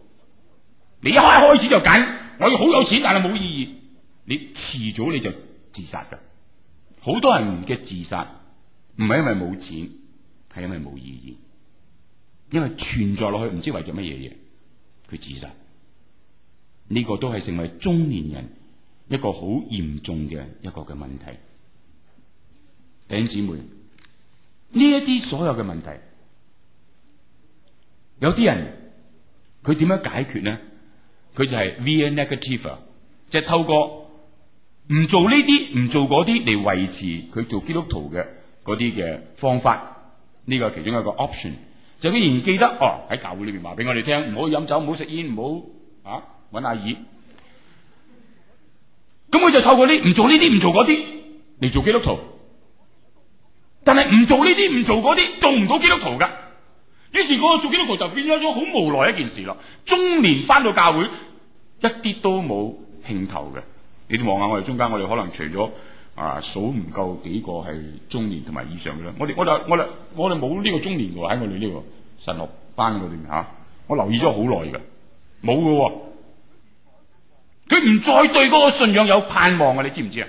你一開開始就揀，我要好有錢，但係冇意義，你遲早你就自殺噶。好多人嘅自殺唔係因為冇錢，係因為冇意義，因為存在落去唔知為咗乜嘢嘢，佢自殺。呢、這個都係成為中年人一個好嚴重嘅一個嘅問題，弟兄姊妹，呢一啲所有嘅問題。有啲人佢點樣解決咧？佢就係 via negative，就透過唔做呢啲唔做嗰啲嚟維持佢做基督徒嘅嗰啲嘅方法。呢個係其中一個 option 就依然記得哦。喺教會裏邊話俾我哋聽，「唔好飲酒，唔好食煙，唔好啊揾阿姨。」咁佢就透過呢唔做呢啲唔做嗰啲嚟做基督徒，但係唔做呢啲唔做嗰啲做唔到基督徒噶。於是嗰個做基督徒就變咗咗好無奈一件事咯。中年返到教會，一啲都冇興頭嘅。你哋望下我哋中間，我哋可能除咗啊數唔夠幾個係中年同埋以上嘅啦。我哋我就我哋我哋冇呢個中年嘅喺我哋呢個神學班嗰度吓。我留意咗好耐嘅，冇嘅。佢唔再對嗰個信仰有盼望嘅，你知唔知啊？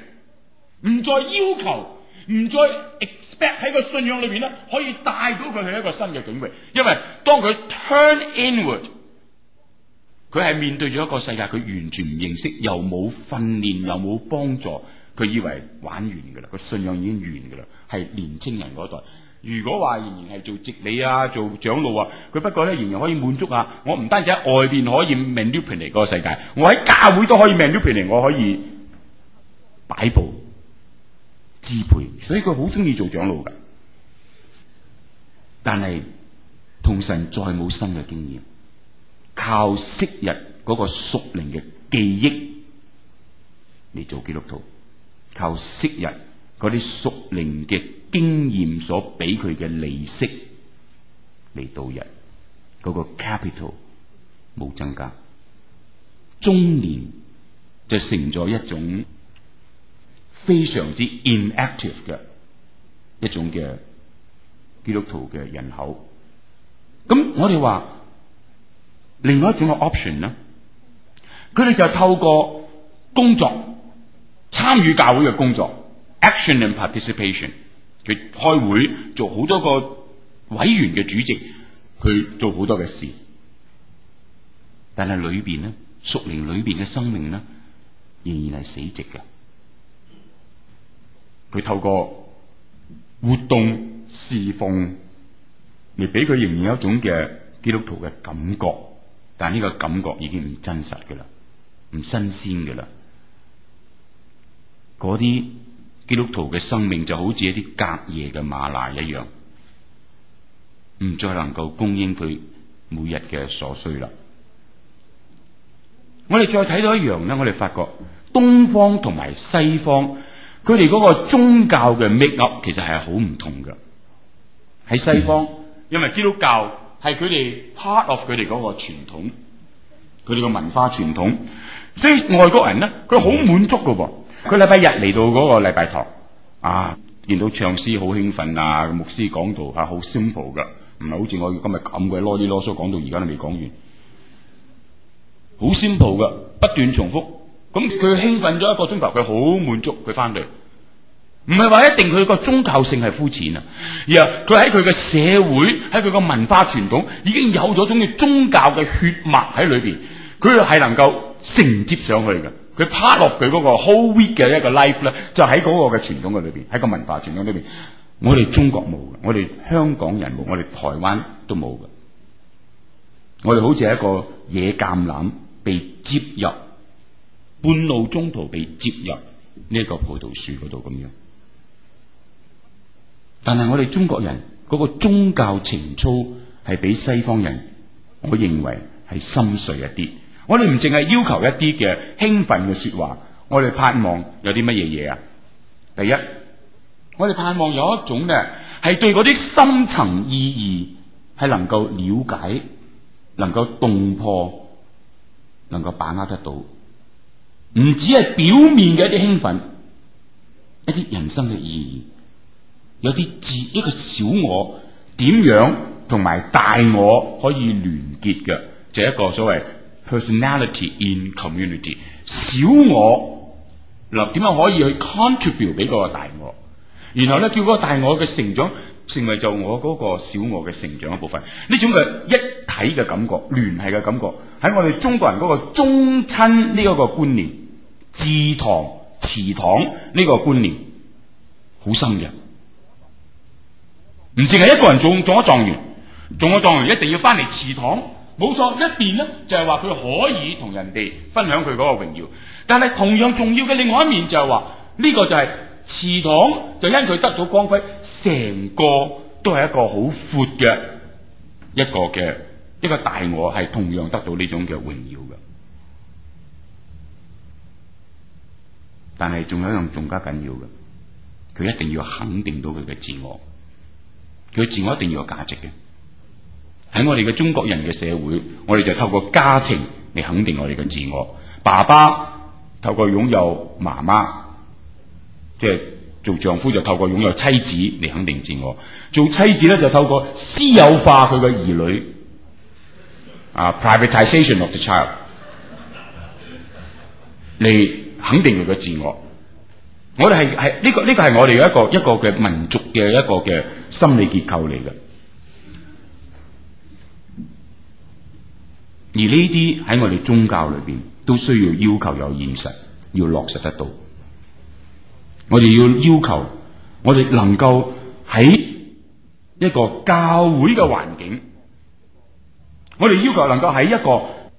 唔再要求。唔再 expect 喺個信仰裏邊咧，可以帶到佢去一個新嘅境界。因為當佢 turn inward，佢係面對咗一個世界，佢完全唔認識，又冇訓練，又冇幫助，佢以為玩完噶啦，個信仰已經完噶啦。係年青人嗰代，如果話仍然係做執理啊，做長老啊，佢不過咧仍然可以滿足啊。我唔單止喺外邊可以 manipulate 嗰個世界，我喺教會都可以 manipulate，我可以擺佈。支配，所以佢好中意做長老噶，但係同神再冇新嘅經驗，靠昔日嗰個屬靈嘅記憶嚟做基督徒，靠昔日嗰啲屬靈嘅經驗所俾佢嘅利息嚟度日，嗰、那個 capital 冇增加，中年就成咗一種。非常之 inactive 嘅一種嘅基督徒嘅人口，咁我哋話另外一種嘅 option 咧，佢哋就透過工作參與教會嘅工作 action and participation，佢開會做好多個委員嘅主席，去做好多嘅事，但係裏邊咧，屬靈裏邊嘅生命咧，仍然係死寂嘅。佢透過活動侍奉，嚟俾佢仍然有一種嘅基督徒嘅感覺，但呢個感覺已經唔真實嘅喇，唔新鮮嘅喇。嗰啲基督徒嘅生命就好似一啲隔夜嘅嗎哪一樣，唔再能夠供應佢每日嘅所需啦。我哋再睇到一樣咧，我哋發覺東方同埋西方。佢哋嗰個宗教嘅 make up 其實係好唔同㗎。喺西方，因為基督教係佢哋 part of 佢哋嗰個傳統，佢哋個文化傳統，所以外國人咧，佢好滿足噶噃。佢禮拜日嚟到嗰個禮拜堂啊，見到唱詩好興奮啊，牧師講到係好 simple 噶，唔係好似我今日咁嘅囉哩囉嗦講到而家都未講完，好 simple 噶，不斷重複。咁佢興奮咗一個鐘頭，佢好滿足，佢翻嚟。唔係話一定佢個宗教性係膚淺啊！而佢喺佢嘅社會，喺佢嘅文化傳統已經有咗種叫宗教嘅血脈喺裏邊，佢係能夠承接上去嘅。佢 part of 佢嗰個 whole week 嘅一個 life 咧，就喺嗰個嘅傳統嘅裏邊，喺個文化傳統裏邊，我哋中國冇嘅，我哋香港人冇，我哋台灣都冇嘅。我哋好似係一個野橄欖被接入，半路中途被接入呢一個葡萄樹嗰度咁樣。但係我哋中國人嗰個宗教情操係比西方人，我認為係深邃一啲。我哋唔淨係要求一啲嘅興奮嘅說話，我哋盼望有啲乜嘢嘢啊？第一，我哋盼望有一種咧，係對嗰啲深層意義係能夠了解，能夠洞破，能夠把握得到，唔止係表面嘅一啲興奮，一啲人生嘅意義。有啲字一個小我點樣同埋大我可以聯結嘅，就是，一個所謂 personality in community。小我嗱，點樣可以去 contribute 俾個大我，然後咧叫嗰個大我嘅成長成為就我嗰個小我嘅成長一部分。呢種嘅一體嘅感覺，聯繫嘅感覺，喺我哋中國人個宗親呢個觀念，祠堂，祠堂呢個觀念，好深嘅。唔淨係一個人中中咗狀元，中咗狀元一定要翻嚟祠堂，冇錯。一邊呢就係話佢可以同人哋分享佢嗰個榮耀，但係同樣重要嘅另外一面就係話呢個就係祠堂，就因佢得到光輝，成個都係一個好闊嘅一個嘅一個大我，係同樣得到呢種嘅榮耀嘅。但係仲有一樣仲加緊要嘅，佢一定要肯定到佢嘅自我。佢自我一定要有價值嘅，喺我哋嘅中國人嘅社會，我哋就透過家庭嚟肯定我哋嘅自我。爸爸透過擁有媽媽，即係做丈夫就透過擁有妻子嚟肯定自我。做妻子咧就透過私有化佢嘅兒女，啊 privatization of the child 嚟肯定佢嘅自我。我哋係係呢個呢個係我哋一個一個嘅民族嘅一個嘅心理結構嚟嘅，而呢啲喺我哋宗教裏邊都需要要求有現實，要落實得到。我哋要要求，我哋能夠喺一個教會嘅環境，我哋要求能夠喺一個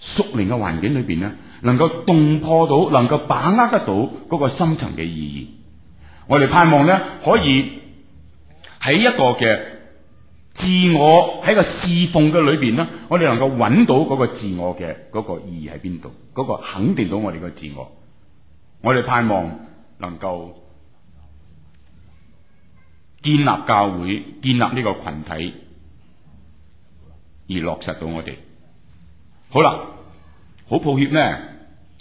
屬靈嘅環境裏邊咧，能夠洞破到，能夠把握得到嗰個深層嘅意義。我哋盼望咧，可以喺一個嘅自我喺個侍奉嘅裏邊咧，我哋能夠揾到嗰個自我嘅嗰個意義喺邊度，嗰個肯定到我哋嘅自我。我哋盼望能夠建立教會，建立呢個群體，而落實到我哋。好啦。好抱歉咧，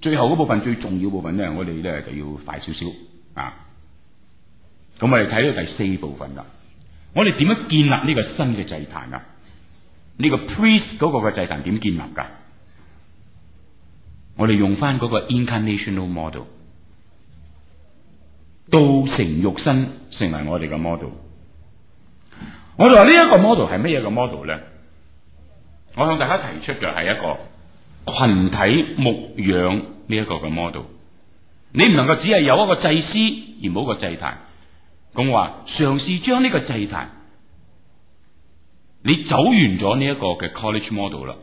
最後嗰部分最重要部分咧，我哋咧就要快少少啊！咁我哋睇到第四部分啦。我哋點樣建立呢個新嘅祭壇啊？呢個 priest 嗰個嘅祭壇點建立㗎？我哋用翻嗰個 incarnational model，道成肉身成為我哋嘅 model。我哋話呢一個 model 係咩嘢嘅 model 咧？我向大家提出嘅係一個。群體牧養呢一個嘅 model，你唔能夠只係有一個祭司而冇一個祭壇，咁話嘗試將呢個祭壇，你走完咗呢一個嘅 college model 啦，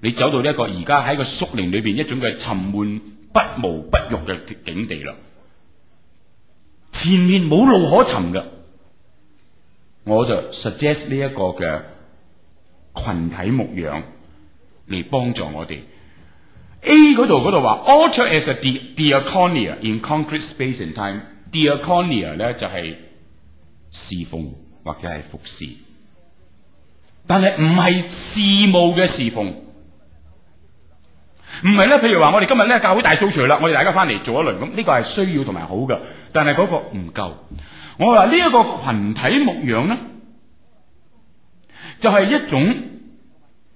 你走到呢一個而家喺個屬靈裏邊一種嘅沉悶不毛不育嘅境地啦，前面冇路可尋嘅，我就 suggest 呢一個嘅群體牧養嚟幫助我哋。A 嗰度嗰度話 altar as a diaconia di in concrete space and time，diaconia 咧就係侍奉或者係服侍，但係唔係事務嘅侍奉，唔係咧，譬如話我哋今日咧教會大掃除啦，我哋大，大家翻嚟做一輪咁，呢、這個係需要同埋好嘅，但係嗰個唔夠，我話呢一個群體牧養咧，就係、是、一種。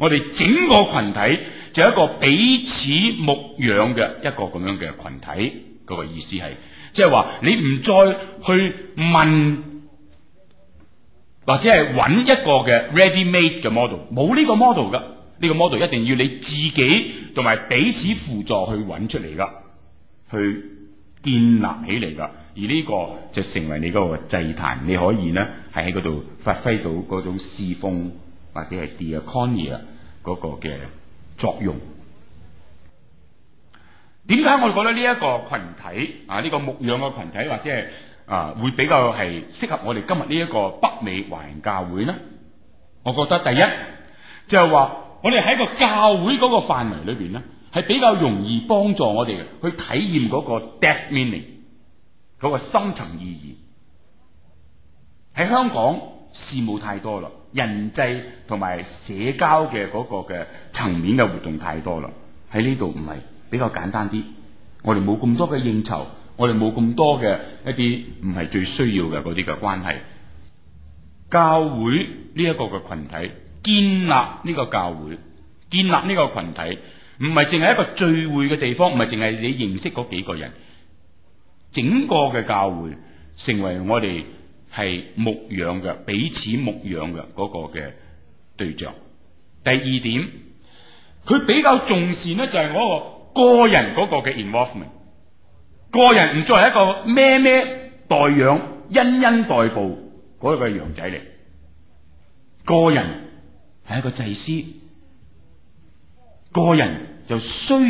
我哋整個群體就係一個彼此牧養嘅一個咁樣嘅群體，嗰、嗰個意思係，即係話你唔再去問，或者係揾一個嘅 ready-made 嘅 model，冇呢個 model 噶，呢、呢個 model 一定要你自己同埋彼此輔助去揾出嚟噶，去建立起嚟噶，而呢個就成為你個祭壇，你可以咧係喺嗰度發揮到嗰種侍奉。或者係 deconeer a 嗰個嘅作用，點解我哋覺得呢一個群體啊，呢、呢個牧養嘅群體或者係啊，會比較係適合我哋今日呢一個北美華人教會呢？我覺得第一就係話，我哋喺個教會嗰個範圍裏邊呢，係比較容易幫助我哋去體驗嗰個 death meaning 嗰個深層意義。喺香港事務太多啦。人際同埋社交嘅嗰個嘅層面嘅活動太多啦，喺呢度唔係比較簡單啲，我哋冇咁多嘅應酬，我哋冇咁多嘅一啲唔係最需要嘅嗰啲嘅關係。教會呢一個嘅群體，建立呢個教會，建立呢個群體，唔係淨係一個聚會嘅地方，唔係淨係你認識嗰幾個人，整個嘅教會成為我哋。係牧養嘅，彼此牧養嘅嗰個嘅對象。第二點，佢比較重視咧，就係嗰個個人嗰個嘅 involvement。個人唔作為一個咩咩代養、恩恩代哺嗰個羊仔嚟，個人係一個祭司，個人就需要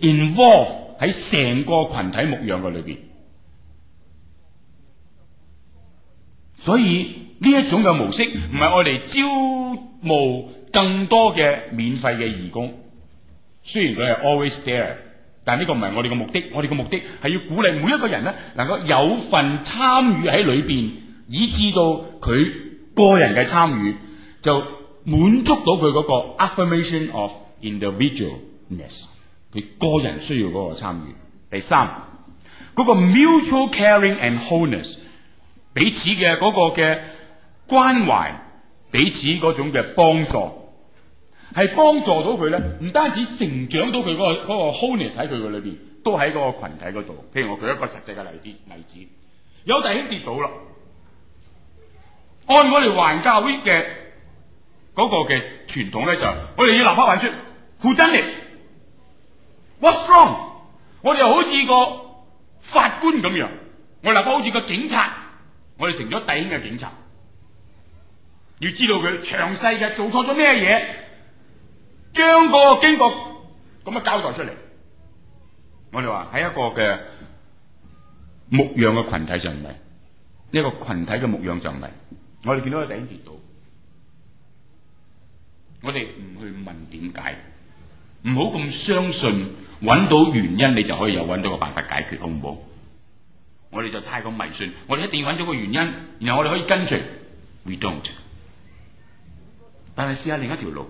involve 喺成個群體牧養嘅裏邊。所以呢一種嘅模式唔係我哋招募更多嘅免費嘅義工，雖然佢係 always there，但係呢個唔係我哋嘅目的。我哋嘅目的係要鼓勵每一個人咧，能夠有份參與喺裏邊，以致到佢個人嘅參與就滿足到佢個 affirmation of individualness，佢個人需要嗰個參與。第三，嗰個 mutual caring and wholeness。彼此嘅個嘅關懷，彼此嗰種嘅幫助，係幫助到佢咧。唔單止成長到佢、嗰個、嗰個 honest 喺佢個裏邊，都喺嗰個羣體度。譬如我舉一個實際嘅例啲例子,例子有弟兄跌倒啦，按我哋還教會嘅個嘅傳統咧，就係、我哋要立刻話出，who done it, what's wrong？我哋好似個法官咁樣，我立刻好似個警察。我哋成咗弟兄嘅警察，要知道佢詳細嘅做錯咗咩嘢，將個經過咁樣交代出嚟。我哋話喺一個嘅牧養嘅群體上，係咪一個群體嘅牧養上，係咪？我哋見到個弟兄跌倒，我哋唔去問點解，唔好咁相信，揾到原因你就可以有揾到個辦法解決，好唔好？我哋就太過迷信，我哋一定要揾咗個原因，然後我哋可以跟隨。We don't。但係試下另一條路，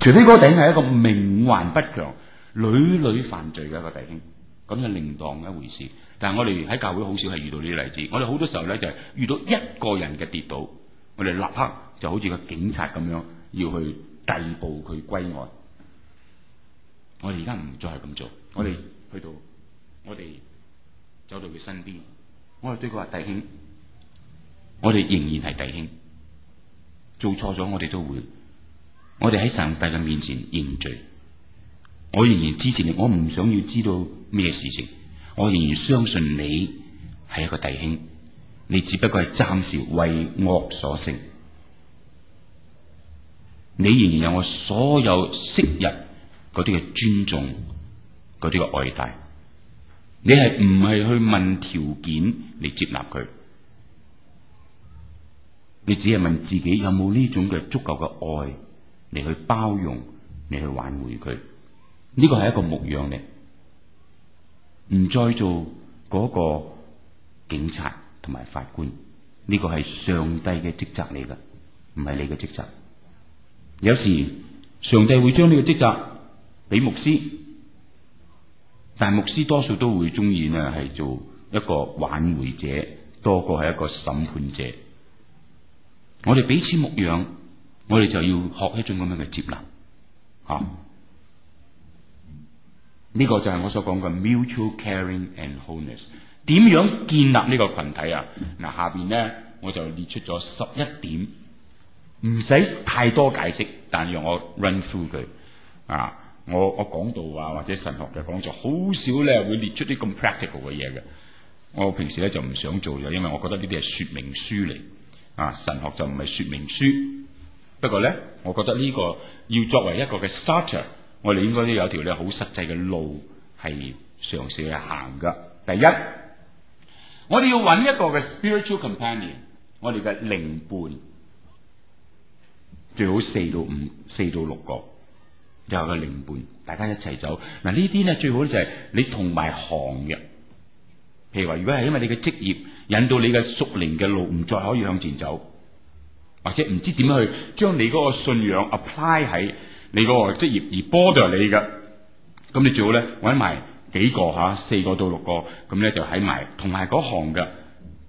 除非嗰頂係一個冥頑不強、屢屢犯罪嘅一個弟兄，咁就另當一回事。但係我哋喺教會好少係遇到呢啲例子，我哋好多時候咧就係遇到一個人嘅跌倒，我哋立刻就好似個警察咁樣要去逮捕佢歸案。我哋而家唔再係咁做，我哋去到、嗯、我哋。走到佢身邊，我係對佢話：弟兄，我哋仍然係弟兄，做錯咗我哋都會，我哋喺上帝嘅面前認罪。我仍然支持你，我唔想要知道咩事情，我仍然相信你係一個弟兄，你只不過係暫時為惡所勝，你仍然有我所有昔日嗰啲嘅尊重，嗰啲嘅愛戴。你係唔係去問條件嚟接納佢？你只係問自己有冇呢種嘅足夠嘅愛嚟去包容、嚟去挽回佢？呢個係一個牧養嚟，唔再做嗰個警察同埋法官。呢個係上帝嘅職責嚟㗎，唔係你嘅職責。有時上帝會將呢個職責俾牧師。但牧師多數都會中意咧，係做一個挽回者，多過係一個審判者。我哋彼此牧養，我哋就要學一種咁樣嘅接納，吓、啊。呢、呢個就係我所講嘅 mutual caring and wholeness。點樣建立呢個群體啊？嗱，下邊咧我就列出咗十一點，唔使太多解釋，但讓我 run through 佢啊。我我講道啊，或者神學嘅幫助，好少咧會列出啲咁 practical 嘅嘢嘅。我平時咧就唔想做咗，因為我覺得呢啲係說明書嚟啊，神學就唔係說明書。不過咧，我覺得呢個要作為一個嘅 starter，我哋應該都有條咧好實際嘅路係嘗試去行噶。第一，我哋要揾一個嘅 spiritual companion，我哋嘅靈伴，最好四到五、四到六個。有嘅靈伴，大家一齊走嗱。呢啲咧最好就係你同埋行嘅，譬如話，如果係因為你嘅職業引到你嘅屬靈嘅路唔再可以向前走，或者唔知點樣去將你嗰個信仰 apply 喺你嗰個職業而 bother 你嘅，咁你最好咧揾埋幾個，四個到六個咁咧就喺埋同埋嗰行嘅，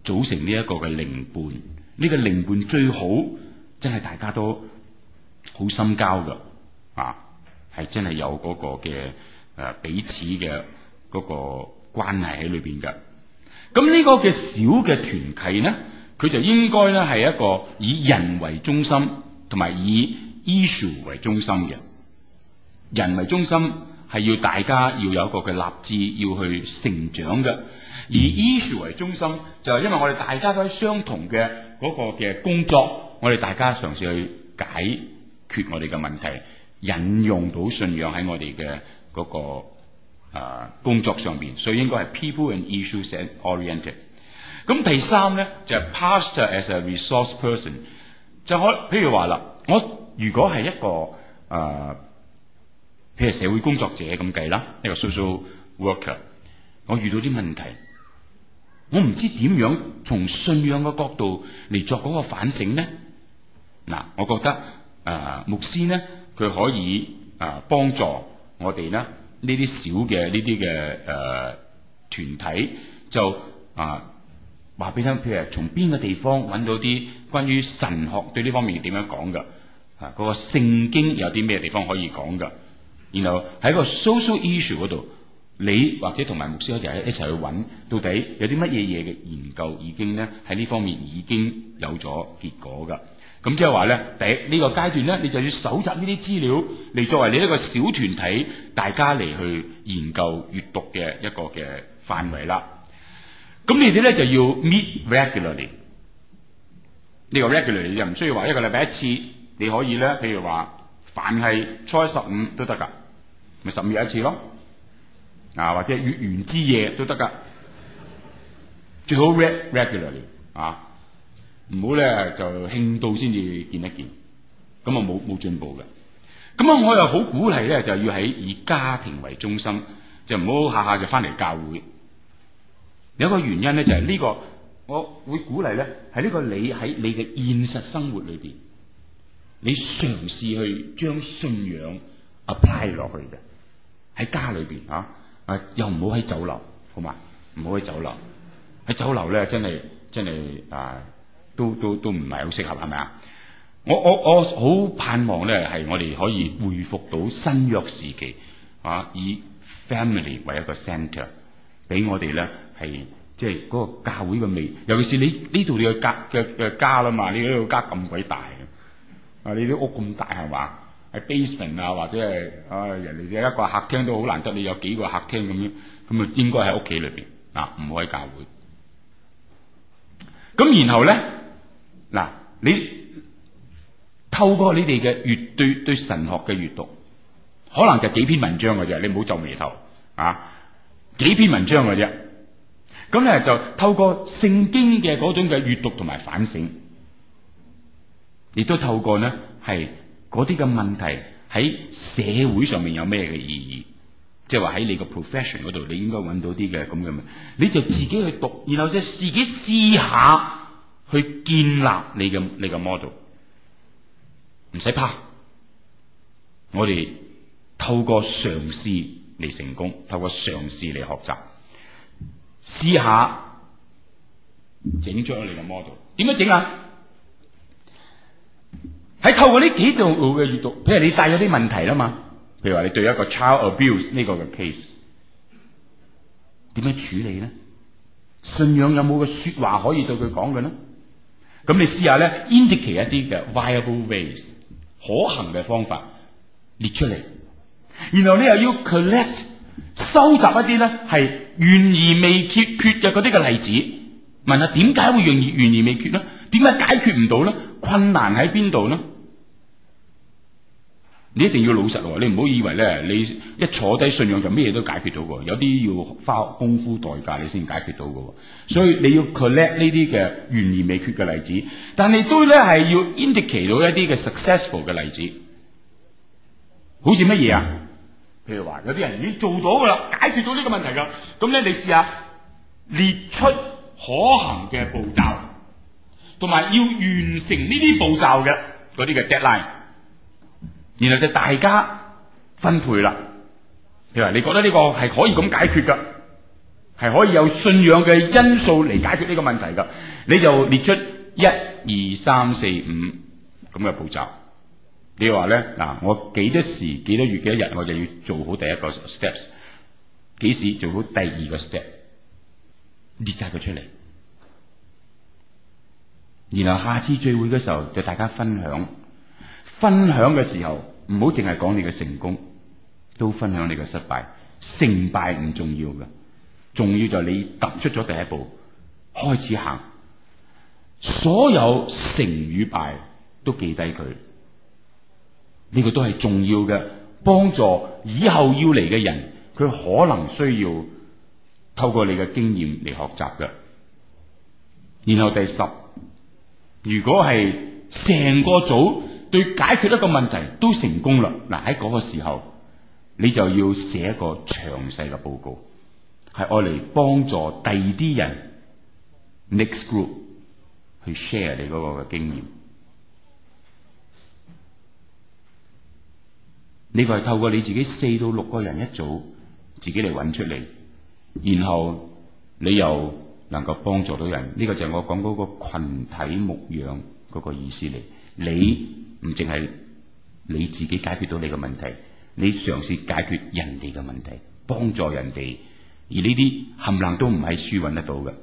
組成呢一個嘅靈伴。呢、呢個靈伴最好真係大家都好深交㗎啊！係真係有嗰個嘅，誒彼此嘅嗰個關係喺裏邊噶。咁呢個嘅小嘅團契咧，佢就應該咧係一個以人為中心，同埋以，以 issue 為中心嘅。人為中心係要大家要有一個嘅立志要去成長嘅。以 issue 為中心就係因為我哋大家都係相同嘅嗰個嘅工作，我哋大家嘗試去解決我哋嘅問題。引用到信仰喺我哋嘅嗰個工作上邊，所以應該係 people and issues oriented。咁第三咧就係、是、pastor as a resource person。就可以譬如話啦，我如果係一個誒、呃、譬如社會工作者咁計啦，一個 social worker，我遇到啲問題，我唔知點樣從信仰嘅角度嚟作嗰個反省咧。嗱，我覺得誒、呃、牧師咧。佢可以啊幫助我哋咧呢啲小嘅呢啲嘅誒團體就啊話俾佢聽，譬如從邊個地方揾到啲關於神學對呢方面點樣講，嘅啊嗰個聖經有啲咩地方可以講，嘅，然後喺個 social issue 嗰度，你或者同埋牧師嗰陣一齊去揾，到底有啲乜嘢嘢嘅研究已經咧喺呢方面已經有咗結果㗎。咁即係話咧，第呢、這個階段咧，你就要蒐集呢啲資料嚟作為你一個小團體大家嚟去研究閱讀嘅一個嘅範圍啦。咁你哋咧就要 meet regularly。呢個 regularly 又唔需要話一個禮拜一次，你可以咧，譬如話凡係初一十五都得噶，咪十五日一次咯。啊，或者月圓之夜都得噶，最好 regularly 啊。唔好咧就慶祝先至見一見，咁啊冇冇進步嘅。咁啊我又好鼓勵咧，就要喺以家庭為中心，就唔好下下就翻嚟教會。有一個原因咧就係呢個，我會鼓勵咧，喺呢個你喺你嘅現實生活裏邊，你嘗試去將信仰 apply 落去嘅，喺家裏邊吓、啊啊，又唔好喺酒樓，好嘛？唔好喺酒樓，喺酒樓咧真係真係啊！都都都唔係好適合，係咪啊？我我我好盼望咧，係我哋可以恢復到新約時期啊，以 family 為一個 center 俾我哋咧係即係嗰個教會嘅味。尤其是你呢度你嘅家嘅嘅家啦嘛，你呢個家咁鬼大啊！你啲屋咁大係嘛？喺 basement 啊，或者係啊，人哋有一個客廳都好難得，你有幾個客廳咁樣咁啊？就應該喺屋企裏邊，啊，唔可以喺教會。咁然後咧。嗱，你透過你哋嘅閱讀，對神學嘅閱讀，可能就是幾篇文章嘅啫，你唔好皺眉頭啊，幾篇文章嘅啫。咁咧就透過聖經嘅嗰種嘅閱讀同埋反省，亦都透過咧係嗰啲嘅問題喺社會上面有咩嘅意義，即係話喺你個 profession 嗰度你應該揾到啲嘅咁嘅問題，你就自己去讀，然後就自己試下。去建立你嘅你嘅 model，唔使怕，我哋透過嘗試嚟成功，透過嘗試嚟學習，試下整張你嘅 model，點樣整啊？喺透過呢幾度嘅閱讀，譬如你帶咗啲問題啦嘛，譬如話你對一個 child abuse 呢個嘅 case，點樣處理咧？信仰有冇個說話可以對佢講嘅咧？咁你試下咧，indicate 一啲嘅 viable ways 可行嘅方法列出嚟，然後你又要 collect 收集一啲咧係懸而未決嘅嗰啲嘅例子，問下點解會懸而懸而未決咧？點解解決唔到咧？困難喺邊度咧？你一定要老實喎，你唔好以為咧，你一坐低信仰就咩嘢都解決到喎。有啲要花功夫代價你先解決到喎。所以你要 collect 呢啲嘅懸而未決嘅例子，但係都咧係要 indicate 到一啲嘅 successful 嘅例子，好似乜嘢啊？譬如話有啲人已經做咗嘅啦，解決到呢個問題嘅，咁咧你試下列出可行嘅步驟，同埋要完成呢啲步驟嘅嗰啲嘅 deadline。然後就大家分配啦。你話你覺得呢個係可以咁解決噶，係可以有信仰嘅因素嚟解決呢個問題噶。你就列出一二三四五咁嘅步驟。你話咧嗱，我幾多時、幾多月、幾多日，我就要做好第一個 steps。幾時做好第二個 step？列晒佢出嚟。然後下次聚會嘅時候，就大家分享。分享嘅時候唔好淨係講你嘅成功，都分享你嘅失敗。成敗唔重要嘅，重要就係你踏出咗第一步，開始行。所有成與敗都記低佢，呢個都係重要嘅，幫助以後要嚟嘅人，佢可能需要透過你嘅經驗嚟學習嘅。然後第十，如果係成個組。對解決一個問題都成功啦！嗱，喺嗰個時候，你就要寫一個詳細嘅報告，係愛嚟幫助第二啲人，next group 去 share 你嗰個嘅經驗。呢個係透過你自己四到六個人一組，自己嚟揾出嚟，然後你又能夠幫助到人，呢個就係我講嗰個群體牧養嗰個意思嚟。你。嗯唔淨係你自己解決到你嘅問題，你嘗試解決人哋嘅問題，幫助人哋，而呢啲冚唪唥都唔係書揾得到嘅。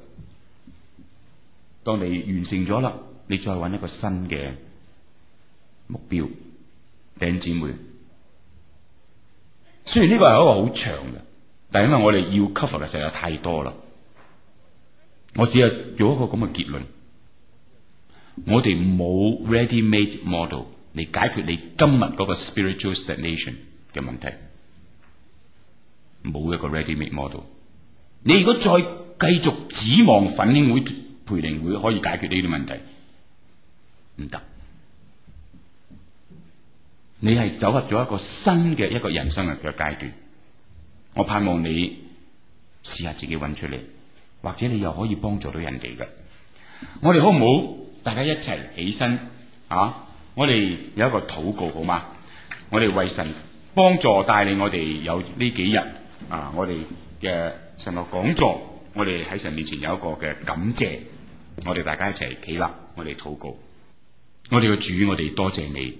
當你完成咗啦，你再揾一個新嘅目標，頂姊妹。雖然呢個係一個好長嘅，但係因為我哋要 cover 嘅實在太多啦，我只係做一個咁嘅結論。我哋冇 ready-made model 嚟解決你今日個 spiritual stagnation 嘅問題，冇一個 ready-made model。你如果再繼續指望奮興會培靈會可以解決呢啲問題，唔得。你係走入咗一個新嘅一個人生嘅階段。我盼望你試下自己揾出嚟，或者你又可以幫助到人哋嘅。我哋可唔好？大家一齊起，起身啊！我哋有一個禱告好嗎？我哋為神幫助帶領我哋有呢幾日啊！我哋嘅神學講座，我哋喺神面前有一個嘅感謝。我哋大家一齊企立，我哋禱告。我哋嘅主，我哋多謝你，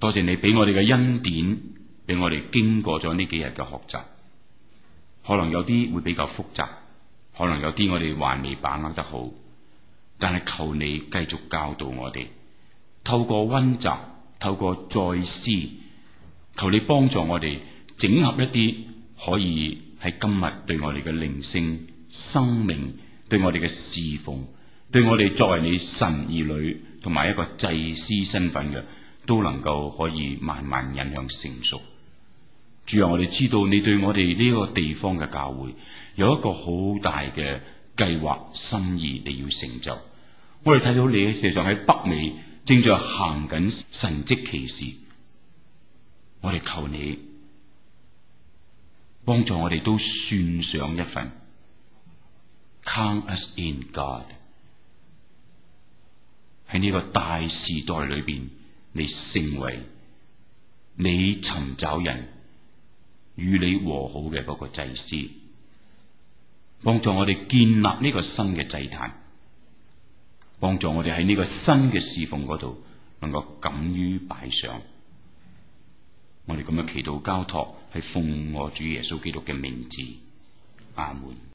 多謝你俾我哋嘅恩典，俾我哋經過咗呢幾日嘅學習。可能有啲會比較複雜，可能有啲我哋還未把握得好。但係求你繼續教導我哋，透過溫習，透過再思，求你幫助我哋整合一啲可以喺今日對我哋嘅靈性、生命，對我哋嘅侍奉，對我哋作為你神兒女同埋一個祭司身份嘅，都能夠可以慢慢引向成熟。主啊，我哋知道你對我哋呢個地方嘅教會有一個好大嘅。計劃心意，你要成就。我哋睇到你嘅世上喺北美正在行緊神蹟奇事，我哋求你幫助我哋都算上一份。Count us in, God。喺呢個大時代裏邊，你成為你尋找人與你和好嘅個祭司。幫助我哋建立呢個新嘅祭壇，幫助我哋喺呢個新嘅侍奉嗰度，能夠敢於擺上。我哋咁嘅祈禱交托係奉我主耶穌基督嘅名字，阿門。